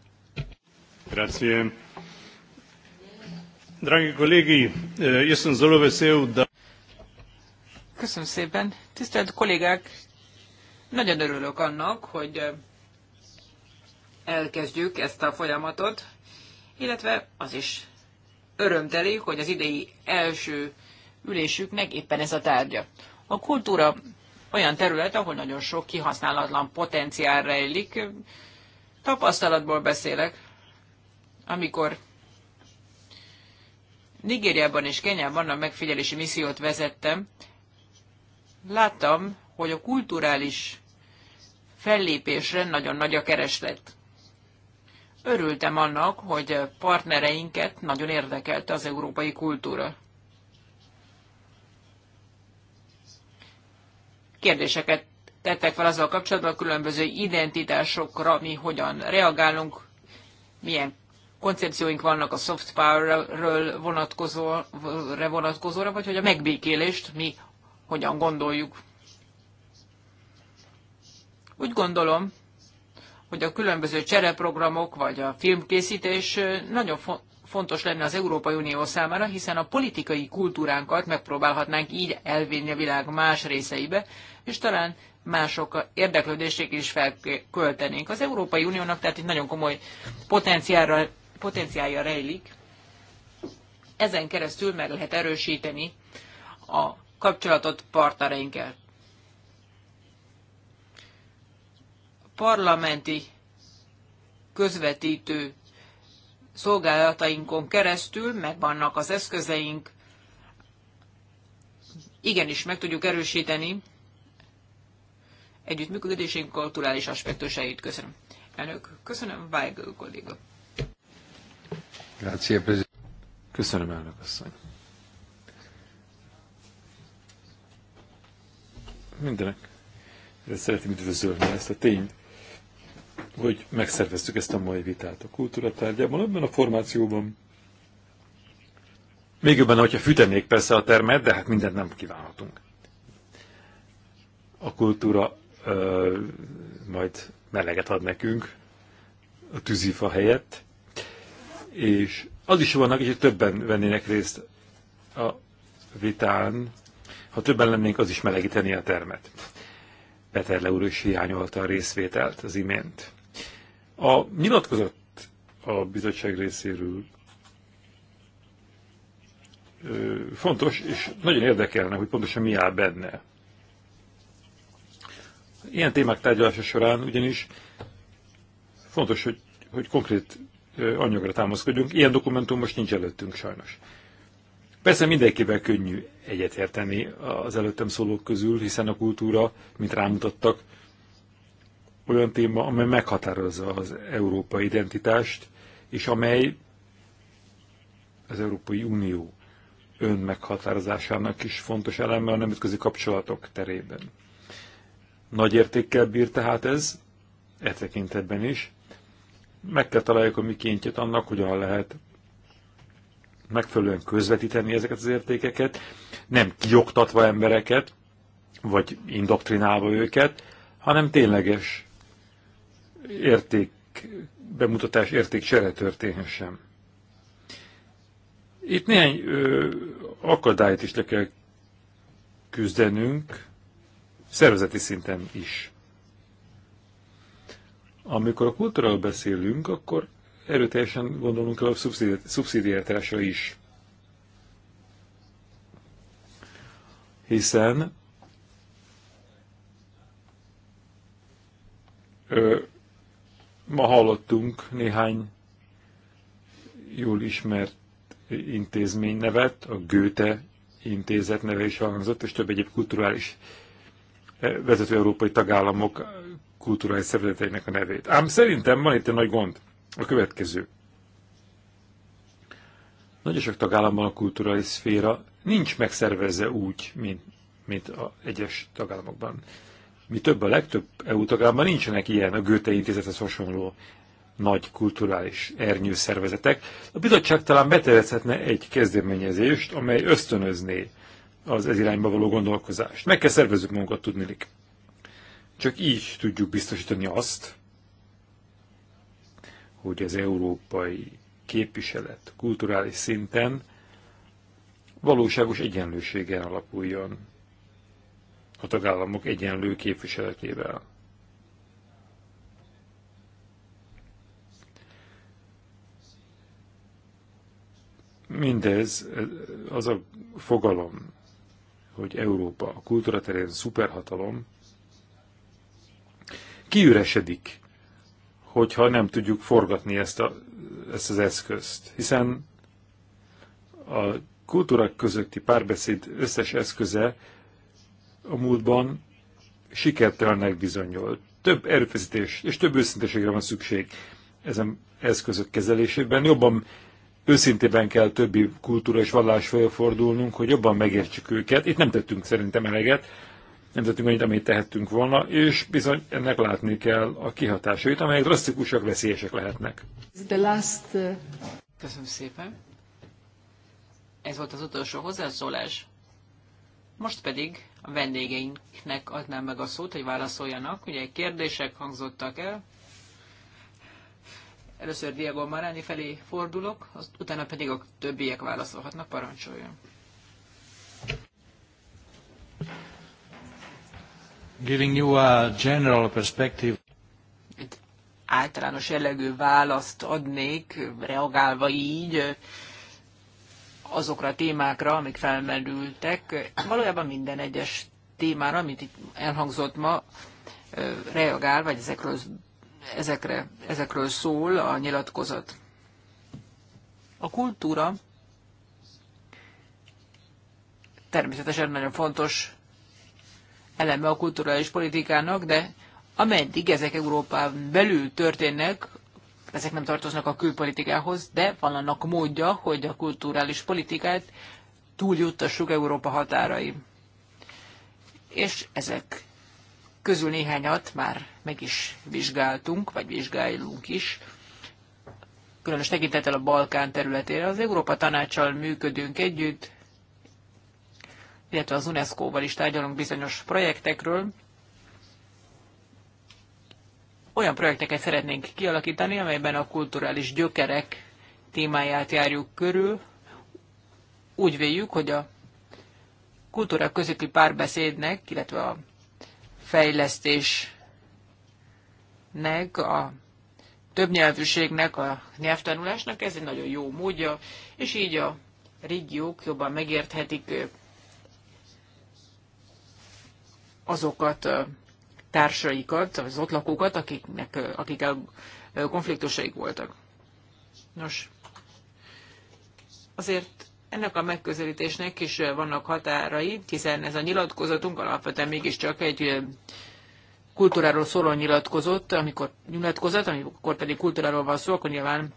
Grazie. Dragi kollégi, eh, jaz sem zelo vesel, da... Köszönöm szépen. Tisztelt kollégák, nagyon örülök annak, hogy eh, elkezdjük ezt a folyamatot, illetve az is örömteli, hogy az idei első ülésüknek éppen ez a tárgya. A kultúra olyan terület, ahol nagyon sok kihasználatlan potenciál rejlik, Tapasztalatból beszélek, amikor Nigériában és Kenyában a megfigyelési missziót vezettem, láttam, hogy a kulturális fellépésre nagyon nagy a kereslet. Örültem annak, hogy partnereinket nagyon érdekelte az európai kultúra. Kérdéseket tettek fel azzal kapcsolatban, a különböző identitásokra mi hogyan reagálunk, milyen koncepcióink vannak a soft power-ről vonatkozóra, vonatkozóra, vagy hogy a megbékélést mi hogyan gondoljuk. Úgy gondolom, hogy a különböző csereprogramok vagy a filmkészítés nagyon fontos lenne az Európai Unió számára, hiszen a politikai kultúránkat megpróbálhatnánk így elvinni a világ más részeibe, és talán mások érdeklődését is felköltenénk. Az Európai Uniónak tehát egy nagyon komoly potenciálra, potenciálja rejlik. Ezen keresztül meg lehet erősíteni a kapcsolatot partnereinkkel. Parlamenti közvetítő szolgálatainkon keresztül megvannak az eszközeink, igenis meg tudjuk erősíteni együttműködésünk kulturális aspektusait. Köszönöm. Elnök, köszönöm, Weigel kolléga. Köszönöm, elnök asszony. Mindenek. De szeretném üdvözölni ezt a tényt, hogy megszerveztük ezt a mai vitát a kultúra tárgyában, ebben a formációban. Még jobban, hogyha fütenék persze a termet, de hát mindent nem kívánhatunk. A kultúra ö, majd meleget ad nekünk a tűzifa helyett, és az is vannak, és többen vennének részt a vitán, ha többen lennénk, az is melegíteni a termet. Peter úr is hiányolta a részvételt az imént. A nyilatkozott a bizottság részéről fontos, és nagyon érdekelne, hogy pontosan mi áll benne. Ilyen témák tárgyalása során ugyanis fontos, hogy, hogy konkrét anyagra támaszkodjunk. Ilyen dokumentum most nincs előttünk sajnos. Persze mindenkivel könnyű egyetérteni az előttem szólók közül, hiszen a kultúra, mint rámutattak, olyan téma, amely meghatározza az európai identitást, és amely az Európai Unió önmeghatározásának is fontos eleme a nemzetközi kapcsolatok terében. Nagy értékkel bír tehát ez, e tekintetben is. Meg kell találjuk a mikéntjét annak, hogyan lehet megfelelően közvetíteni ezeket az értékeket, nem kioktatva embereket, vagy indoktrinálva őket, hanem tényleges érték bemutatás, értékcsere történhessen. Itt néhány ö, akadályt is le kell küzdenünk, szervezeti szinten is. Amikor a kultúráról beszélünk, akkor erőteljesen gondolunk el a szubszidiáltásra is. Hiszen ö, ma hallottunk néhány jól ismert intézmény nevet, a Göte intézet neve is hangzott, és több egyéb kulturális vezető európai tagállamok kulturális szervezeteinek a nevét. Ám szerintem van itt egy nagy gond. A következő. Nagyon sok tagállamban a kulturális szféra nincs megszervezve úgy, mint, mint a egyes tagállamokban. Mi több, a legtöbb EU tagállamban nincsenek ilyen a Göte intézethez hasonló nagy kulturális ernyő szervezetek. A bizottság talán beterezhetne egy kezdeményezést, amely ösztönözné az ez irányba való gondolkozást. Meg kell szervezzük magunkat tudnilik. Csak így tudjuk biztosítani azt, hogy az európai képviselet kulturális szinten valóságos egyenlőségen alapuljon a tagállamok egyenlő képviseletével. Mindez az a fogalom, hogy Európa a kultúra terén szuperhatalom kiüresedik, hogyha nem tudjuk forgatni ezt, a, ezt az eszközt. Hiszen a kultúra közötti párbeszéd összes eszköze a múltban sikertelenek bizonyult. Több erőfeszítés és több őszinteségre van szükség ezen eszközök kezelésében. Jobban őszintében kell többi kultúra és vallás fordulnunk, hogy jobban megértsük őket. Itt nem tettünk szerintem eleget, nem tettünk annyit, amit tehettünk volna, és bizony ennek látni kell a kihatásait, amelyek drasztikusak, veszélyesek lehetnek. The last... Uh, Köszönöm szépen. Ez volt az utolsó hozzászólás. Most pedig a vendégeinknek adnám meg a szót, hogy válaszoljanak. Ugye kérdések hangzottak el, Először Diego Maráni felé fordulok, az, utána pedig a többiek válaszolhatnak, parancsoljon. Giving you a general perspective. Egy általános jellegű választ adnék, reagálva így azokra a témákra, amik felmerültek. Valójában minden egyes témára, amit itt elhangzott ma, reagál, vagy ezekről Ezekre, ezekről szól a nyilatkozat. A kultúra természetesen nagyon fontos eleme a kulturális politikának, de ameddig ezek Európán belül történnek, ezek nem tartoznak a külpolitikához, de van annak módja, hogy a kulturális politikát túljuttassuk Európa határai. És ezek közül néhányat már meg is vizsgáltunk, vagy vizsgálunk is, különös tekintettel a Balkán területére. Az Európa Tanácssal működünk együtt, illetve az UNESCO-val is tárgyalunk bizonyos projektekről. Olyan projekteket szeretnénk kialakítani, amelyben a kulturális gyökerek témáját járjuk körül. Úgy véljük, hogy a kultúra közötti párbeszédnek, illetve a fejlesztésnek, a többnyelvűségnek, a nyelvtanulásnak ez egy nagyon jó módja, és így a régiók jobban megérthetik azokat a társaikat, az ott lakókat, akiknek, akikkel konfliktusaik voltak. Nos, azért ennek a megközelítésnek is vannak határai, hiszen ez a nyilatkozatunk alapvetően mégiscsak egy kultúráról szóló nyilatkozott, amikor nyilatkozat, amikor pedig kultúráról van szó, akkor nyilván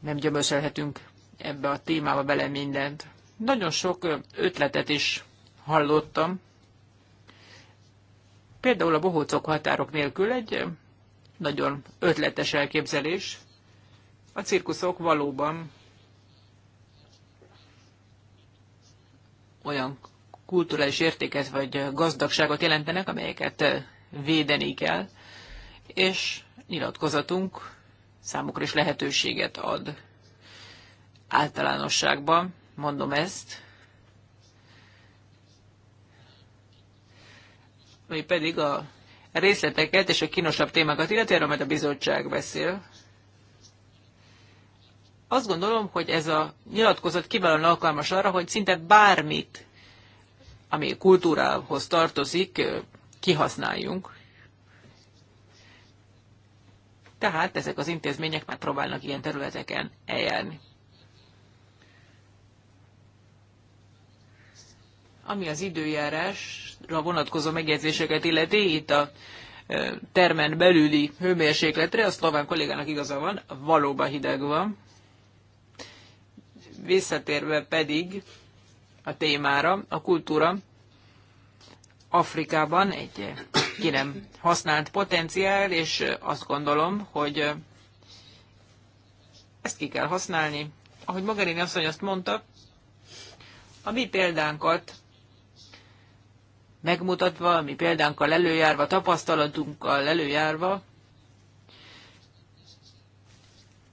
nem gyömöselhetünk ebbe a témába bele mindent. Nagyon sok ötletet is hallottam. Például a bohócok határok nélkül egy nagyon ötletes elképzelés. A cirkuszok valóban olyan kulturális értéket vagy gazdagságot jelentenek, amelyeket eh, védeni kell, és nyilatkozatunk számukra is lehetőséget ad általánosságban, mondom ezt, Mi pedig a részleteket és a kínosabb témákat illetve, erről majd a bizottság beszél azt gondolom, hogy ez a nyilatkozat kiválóan alkalmas arra, hogy szinte bármit, ami kultúrához tartozik, kihasználjunk. Tehát ezek az intézmények már próbálnak ilyen területeken eljárni. Ami az időjárásra vonatkozó megjegyzéseket illeti, itt a termen belüli hőmérsékletre, a szlován kollégának igaza van, valóban hideg van. Visszatérve pedig a témára, a kultúra Afrikában egy ki nem használt potenciál, és azt gondolom, hogy ezt ki kell használni. Ahogy Magarini asszony azt mondta, a mi példánkat megmutatva, a mi példánkkal előjárva, tapasztalatunkkal előjárva,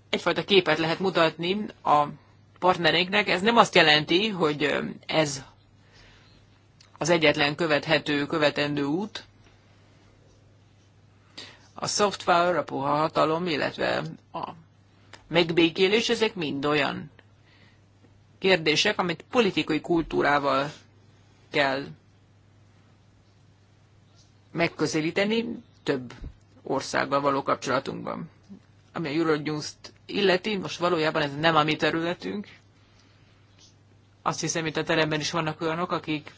egyfajta képet lehet mutatni a partnereinknek. Ez nem azt jelenti, hogy ez az egyetlen követhető, követendő út. A soft power, a puha hatalom, illetve a megbékélés, ezek mind olyan kérdések, amit politikai kultúrával kell megközelíteni több országban való kapcsolatunkban ami a euronews illeti, most valójában ez nem a mi területünk. Azt hiszem, itt a teremben is vannak olyanok, akik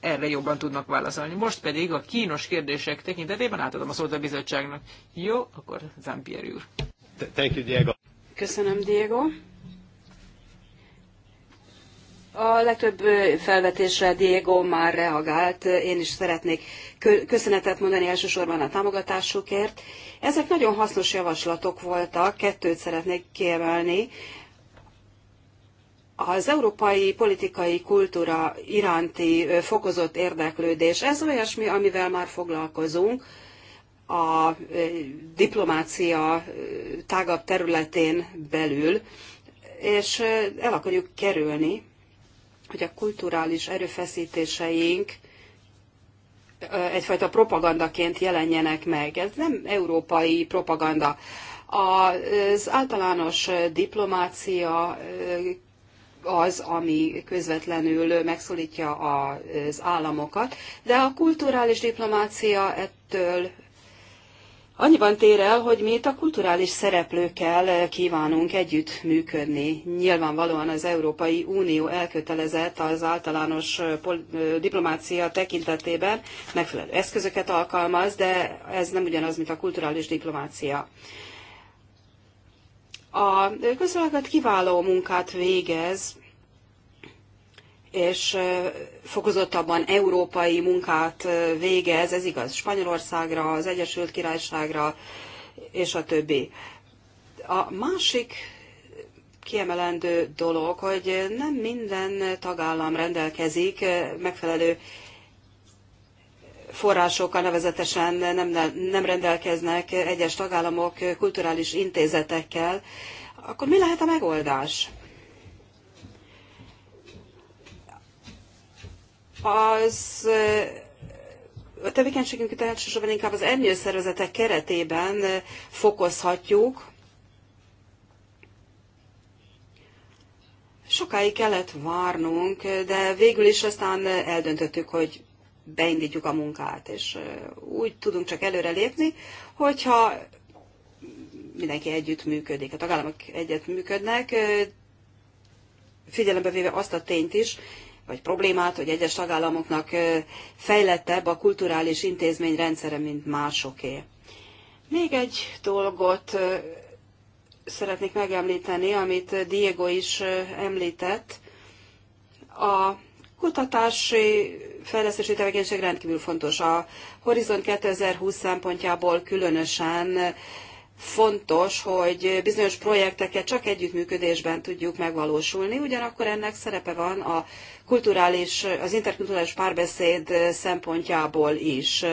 erre jobban tudnak válaszolni. Most pedig a kínos kérdések tekintetében átadom a szót a bizottságnak. Jó, akkor Zampieri úr. Thank you, Diego. Köszönöm, Diego. A legtöbb felvetésre Diego már reagált, én is szeretnék köszönetet mondani elsősorban a támogatásukért. Ezek nagyon hasznos javaslatok voltak, kettőt szeretnék kiemelni. Az európai politikai kultúra iránti fokozott érdeklődés, ez olyasmi, amivel már foglalkozunk a diplomácia tágabb területén belül, és el akarjuk kerülni, hogy a kulturális erőfeszítéseink egyfajta propagandaként jelenjenek meg. Ez nem európai propaganda. Az általános diplomácia az, ami közvetlenül megszólítja az államokat, de a kulturális diplomácia ettől Annyiban tér el, hogy mi itt a kulturális szereplőkkel kívánunk együtt működni. Nyilvánvalóan az Európai Unió elkötelezett az általános diplomácia tekintetében, megfelelő eszközöket alkalmaz, de ez nem ugyanaz, mint a kulturális diplomácia. A közszolgálat kiváló munkát végez, és fokozottabban európai munkát végez, ez igaz, Spanyolországra, az Egyesült Királyságra, és a többi. A másik kiemelendő dolog, hogy nem minden tagállam rendelkezik megfelelő forrásokkal, nevezetesen nem, nem rendelkeznek egyes tagállamok kulturális intézetekkel, akkor mi lehet a megoldás? Az a tevékenységünket elsősorban inkább az szervezetek keretében fokozhatjuk. Sokáig kellett várnunk, de végül is aztán eldöntöttük, hogy beindítjuk a munkát, és úgy tudunk csak előre lépni, hogyha mindenki együtt működik, a tagállamok együtt működnek, figyelembe véve azt a tényt is, vagy problémát, hogy egyes tagállamoknak fejlettebb a kulturális intézmény rendszere, mint másoké. Még egy dolgot szeretnék megemlíteni, amit Diego is említett. A kutatási fejlesztési tevékenység rendkívül fontos. A Horizon 2020 szempontjából különösen fontos, hogy bizonyos projekteket csak együttműködésben tudjuk megvalósulni, ugyanakkor ennek szerepe van a kulturális, az interkulturális párbeszéd szempontjából is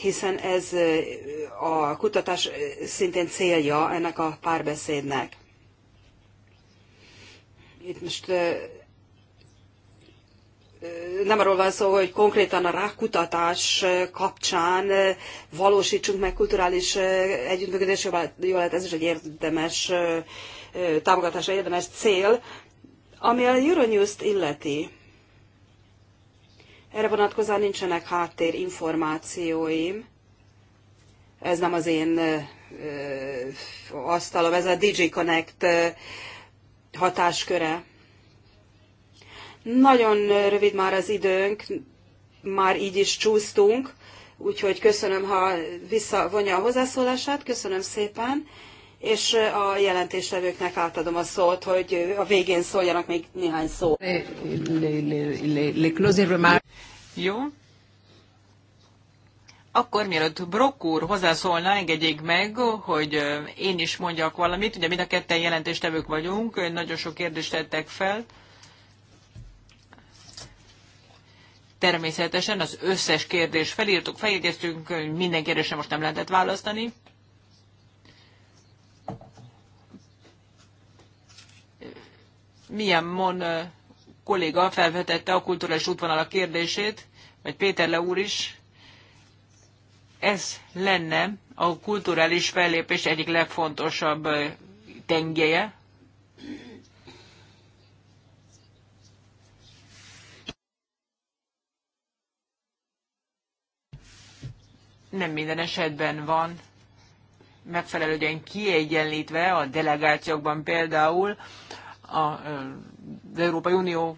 hiszen ez a kutatás szintén célja ennek a párbeszédnek. Itt most nem arról van szó, hogy konkrétan a rákutatás kapcsán eh, valósítsunk meg kulturális eh, együttműködés, jó lehet hát ez is egy érdemes eh, támogatásra érdemes cél. Ami a Euronews-t illeti, erre vonatkozóan nincsenek háttérinformációim. Ez nem az én asztalom, ez a DigiConnect hatásköre. Nagyon rövid már az időnk, már így is csúsztunk, úgyhogy köszönöm, ha visszavonja a hozzászólását, köszönöm szépen, és a jelentéslevőknek átadom a szót, hogy a végén szóljanak még néhány szó. Jó. Akkor mielőtt Brock úr hozzászólna, engedjék meg, hogy én is mondjak valamit. Ugye mind a ketten jelentéstevők vagyunk, nagyon sok kérdést tettek fel természetesen az összes kérdés felírtuk, feljegyeztünk, minden kérdésre most nem lehetett választani. Milyen Mon kolléga felvetette a kulturális a kérdését, vagy Péter Le úr is. Ez lenne a kulturális fellépés egyik legfontosabb tengelye, nem minden esetben van megfelelően kiegyenlítve a delegációkban például a, az Európai Unió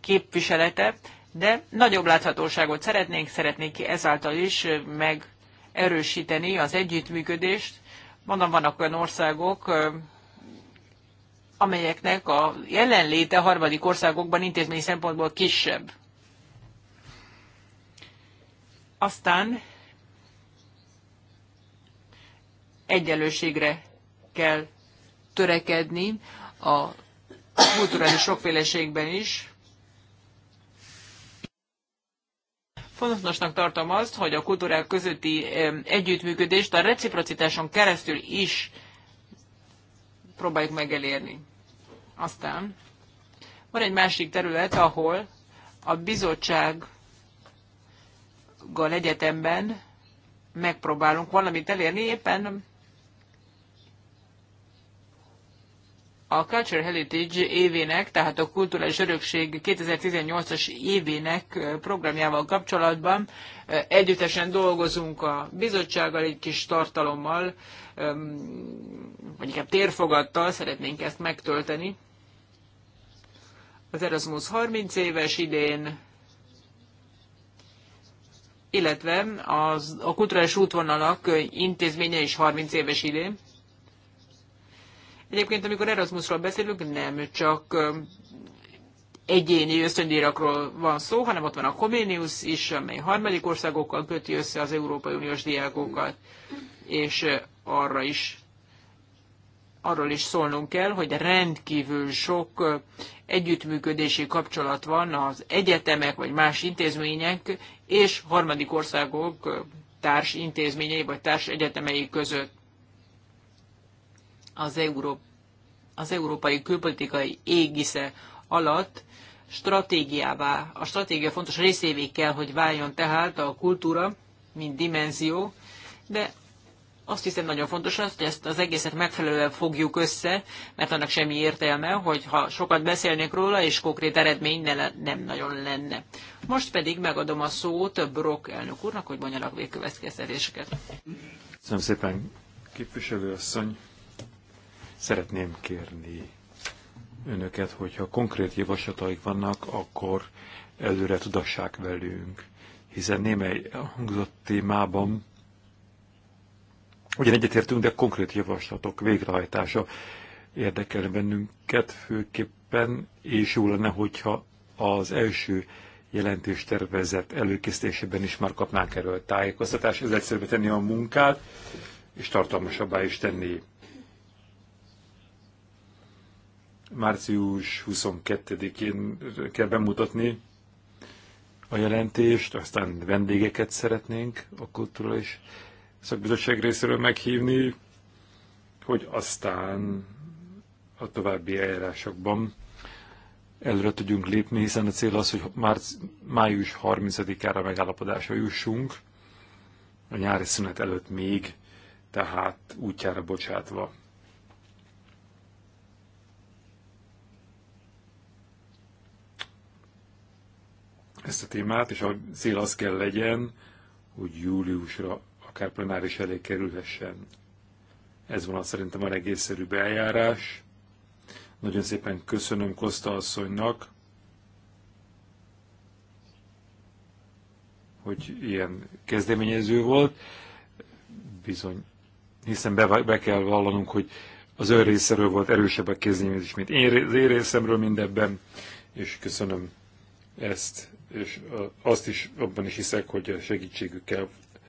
képviselete, de nagyobb láthatóságot szeretnénk, szeretnék ezáltal is megerősíteni az együttműködést. Mondom, vannak olyan országok, amelyeknek a jelenléte harmadik országokban intézményi szempontból kisebb. Aztán egyenlőségre kell törekedni a kulturális sokféleségben is. Fontosnak tartom azt, hogy a kultúrák közötti együttműködést a reciprocitáson keresztül is próbáljuk megelérni. Aztán van egy másik terület, ahol a bizottsággal egyetemben megpróbálunk valamit elérni, éppen a Culture Heritage évének, tehát a Kulturális Örökség 2018-as évének programjával kapcsolatban együttesen dolgozunk a bizottsággal egy kis tartalommal, vagy inkább térfogattal szeretnénk ezt megtölteni. Az Erasmus 30 éves idén, illetve az, a Kulturális Útvonalak intézménye is 30 éves idén. Egyébként, amikor Erasmusról beszélünk, nem csak egyéni ösztöndíjakról van szó, hanem ott van a Comenius is, amely harmadik országokkal köti össze az Európai Uniós diákokat, és arra is arról is szólnunk kell, hogy rendkívül sok együttműködési kapcsolat van az egyetemek vagy más intézmények és harmadik országok társ intézményei vagy társ egyetemei között az, Euró- az európai külpolitikai égisze alatt stratégiává, a stratégia fontos részévé kell, hogy váljon tehát a kultúra, mint dimenzió, de azt hiszem nagyon fontos az, hogy ezt az egészet megfelelően fogjuk össze, mert annak semmi értelme, hogy ha sokat beszélnék róla, és konkrét eredmény ne, nem nagyon lenne. Most pedig megadom a szót Brock elnök úrnak, hogy mondjanak végkövetkeztetéseket. Köszönöm szépen, képviselő Asszony. Szeretném kérni önöket, hogyha konkrét javaslataik vannak, akkor előre tudassák velünk, hiszen némely hangzott témában ugyan egyetértünk, de konkrét javaslatok végrehajtása érdekel bennünket főképpen, és jó lenne, hogyha az első jelentős tervezet előkészítésében is már kapnánk erről tájékoztatást, ez egyszerűbb tenni a munkát, és tartalmasabbá is tenni. Március 22-én kell bemutatni a jelentést, aztán vendégeket szeretnénk a és szakbizottság részéről meghívni, hogy aztán a további eljárásokban előre tudjunk lépni, hiszen a cél az, hogy márci, május 30-ára megállapodásra jussunk, a nyári szünet előtt még, tehát útjára bocsátva ezt a témát, és a cél az kell legyen, hogy júliusra akár plenáris elé kerülhessen. Ez van szerintem a legészszerűbb eljárás. Nagyon szépen köszönöm Kosta asszonynak, hogy ilyen kezdeményező volt. Bizony, hiszen be, be kell vallanunk, hogy az ő részéről volt erősebb a kezdeményezés, mint én, az én részemről mindebben, és köszönöm ezt és azt is abban is hiszek, hogy a kell.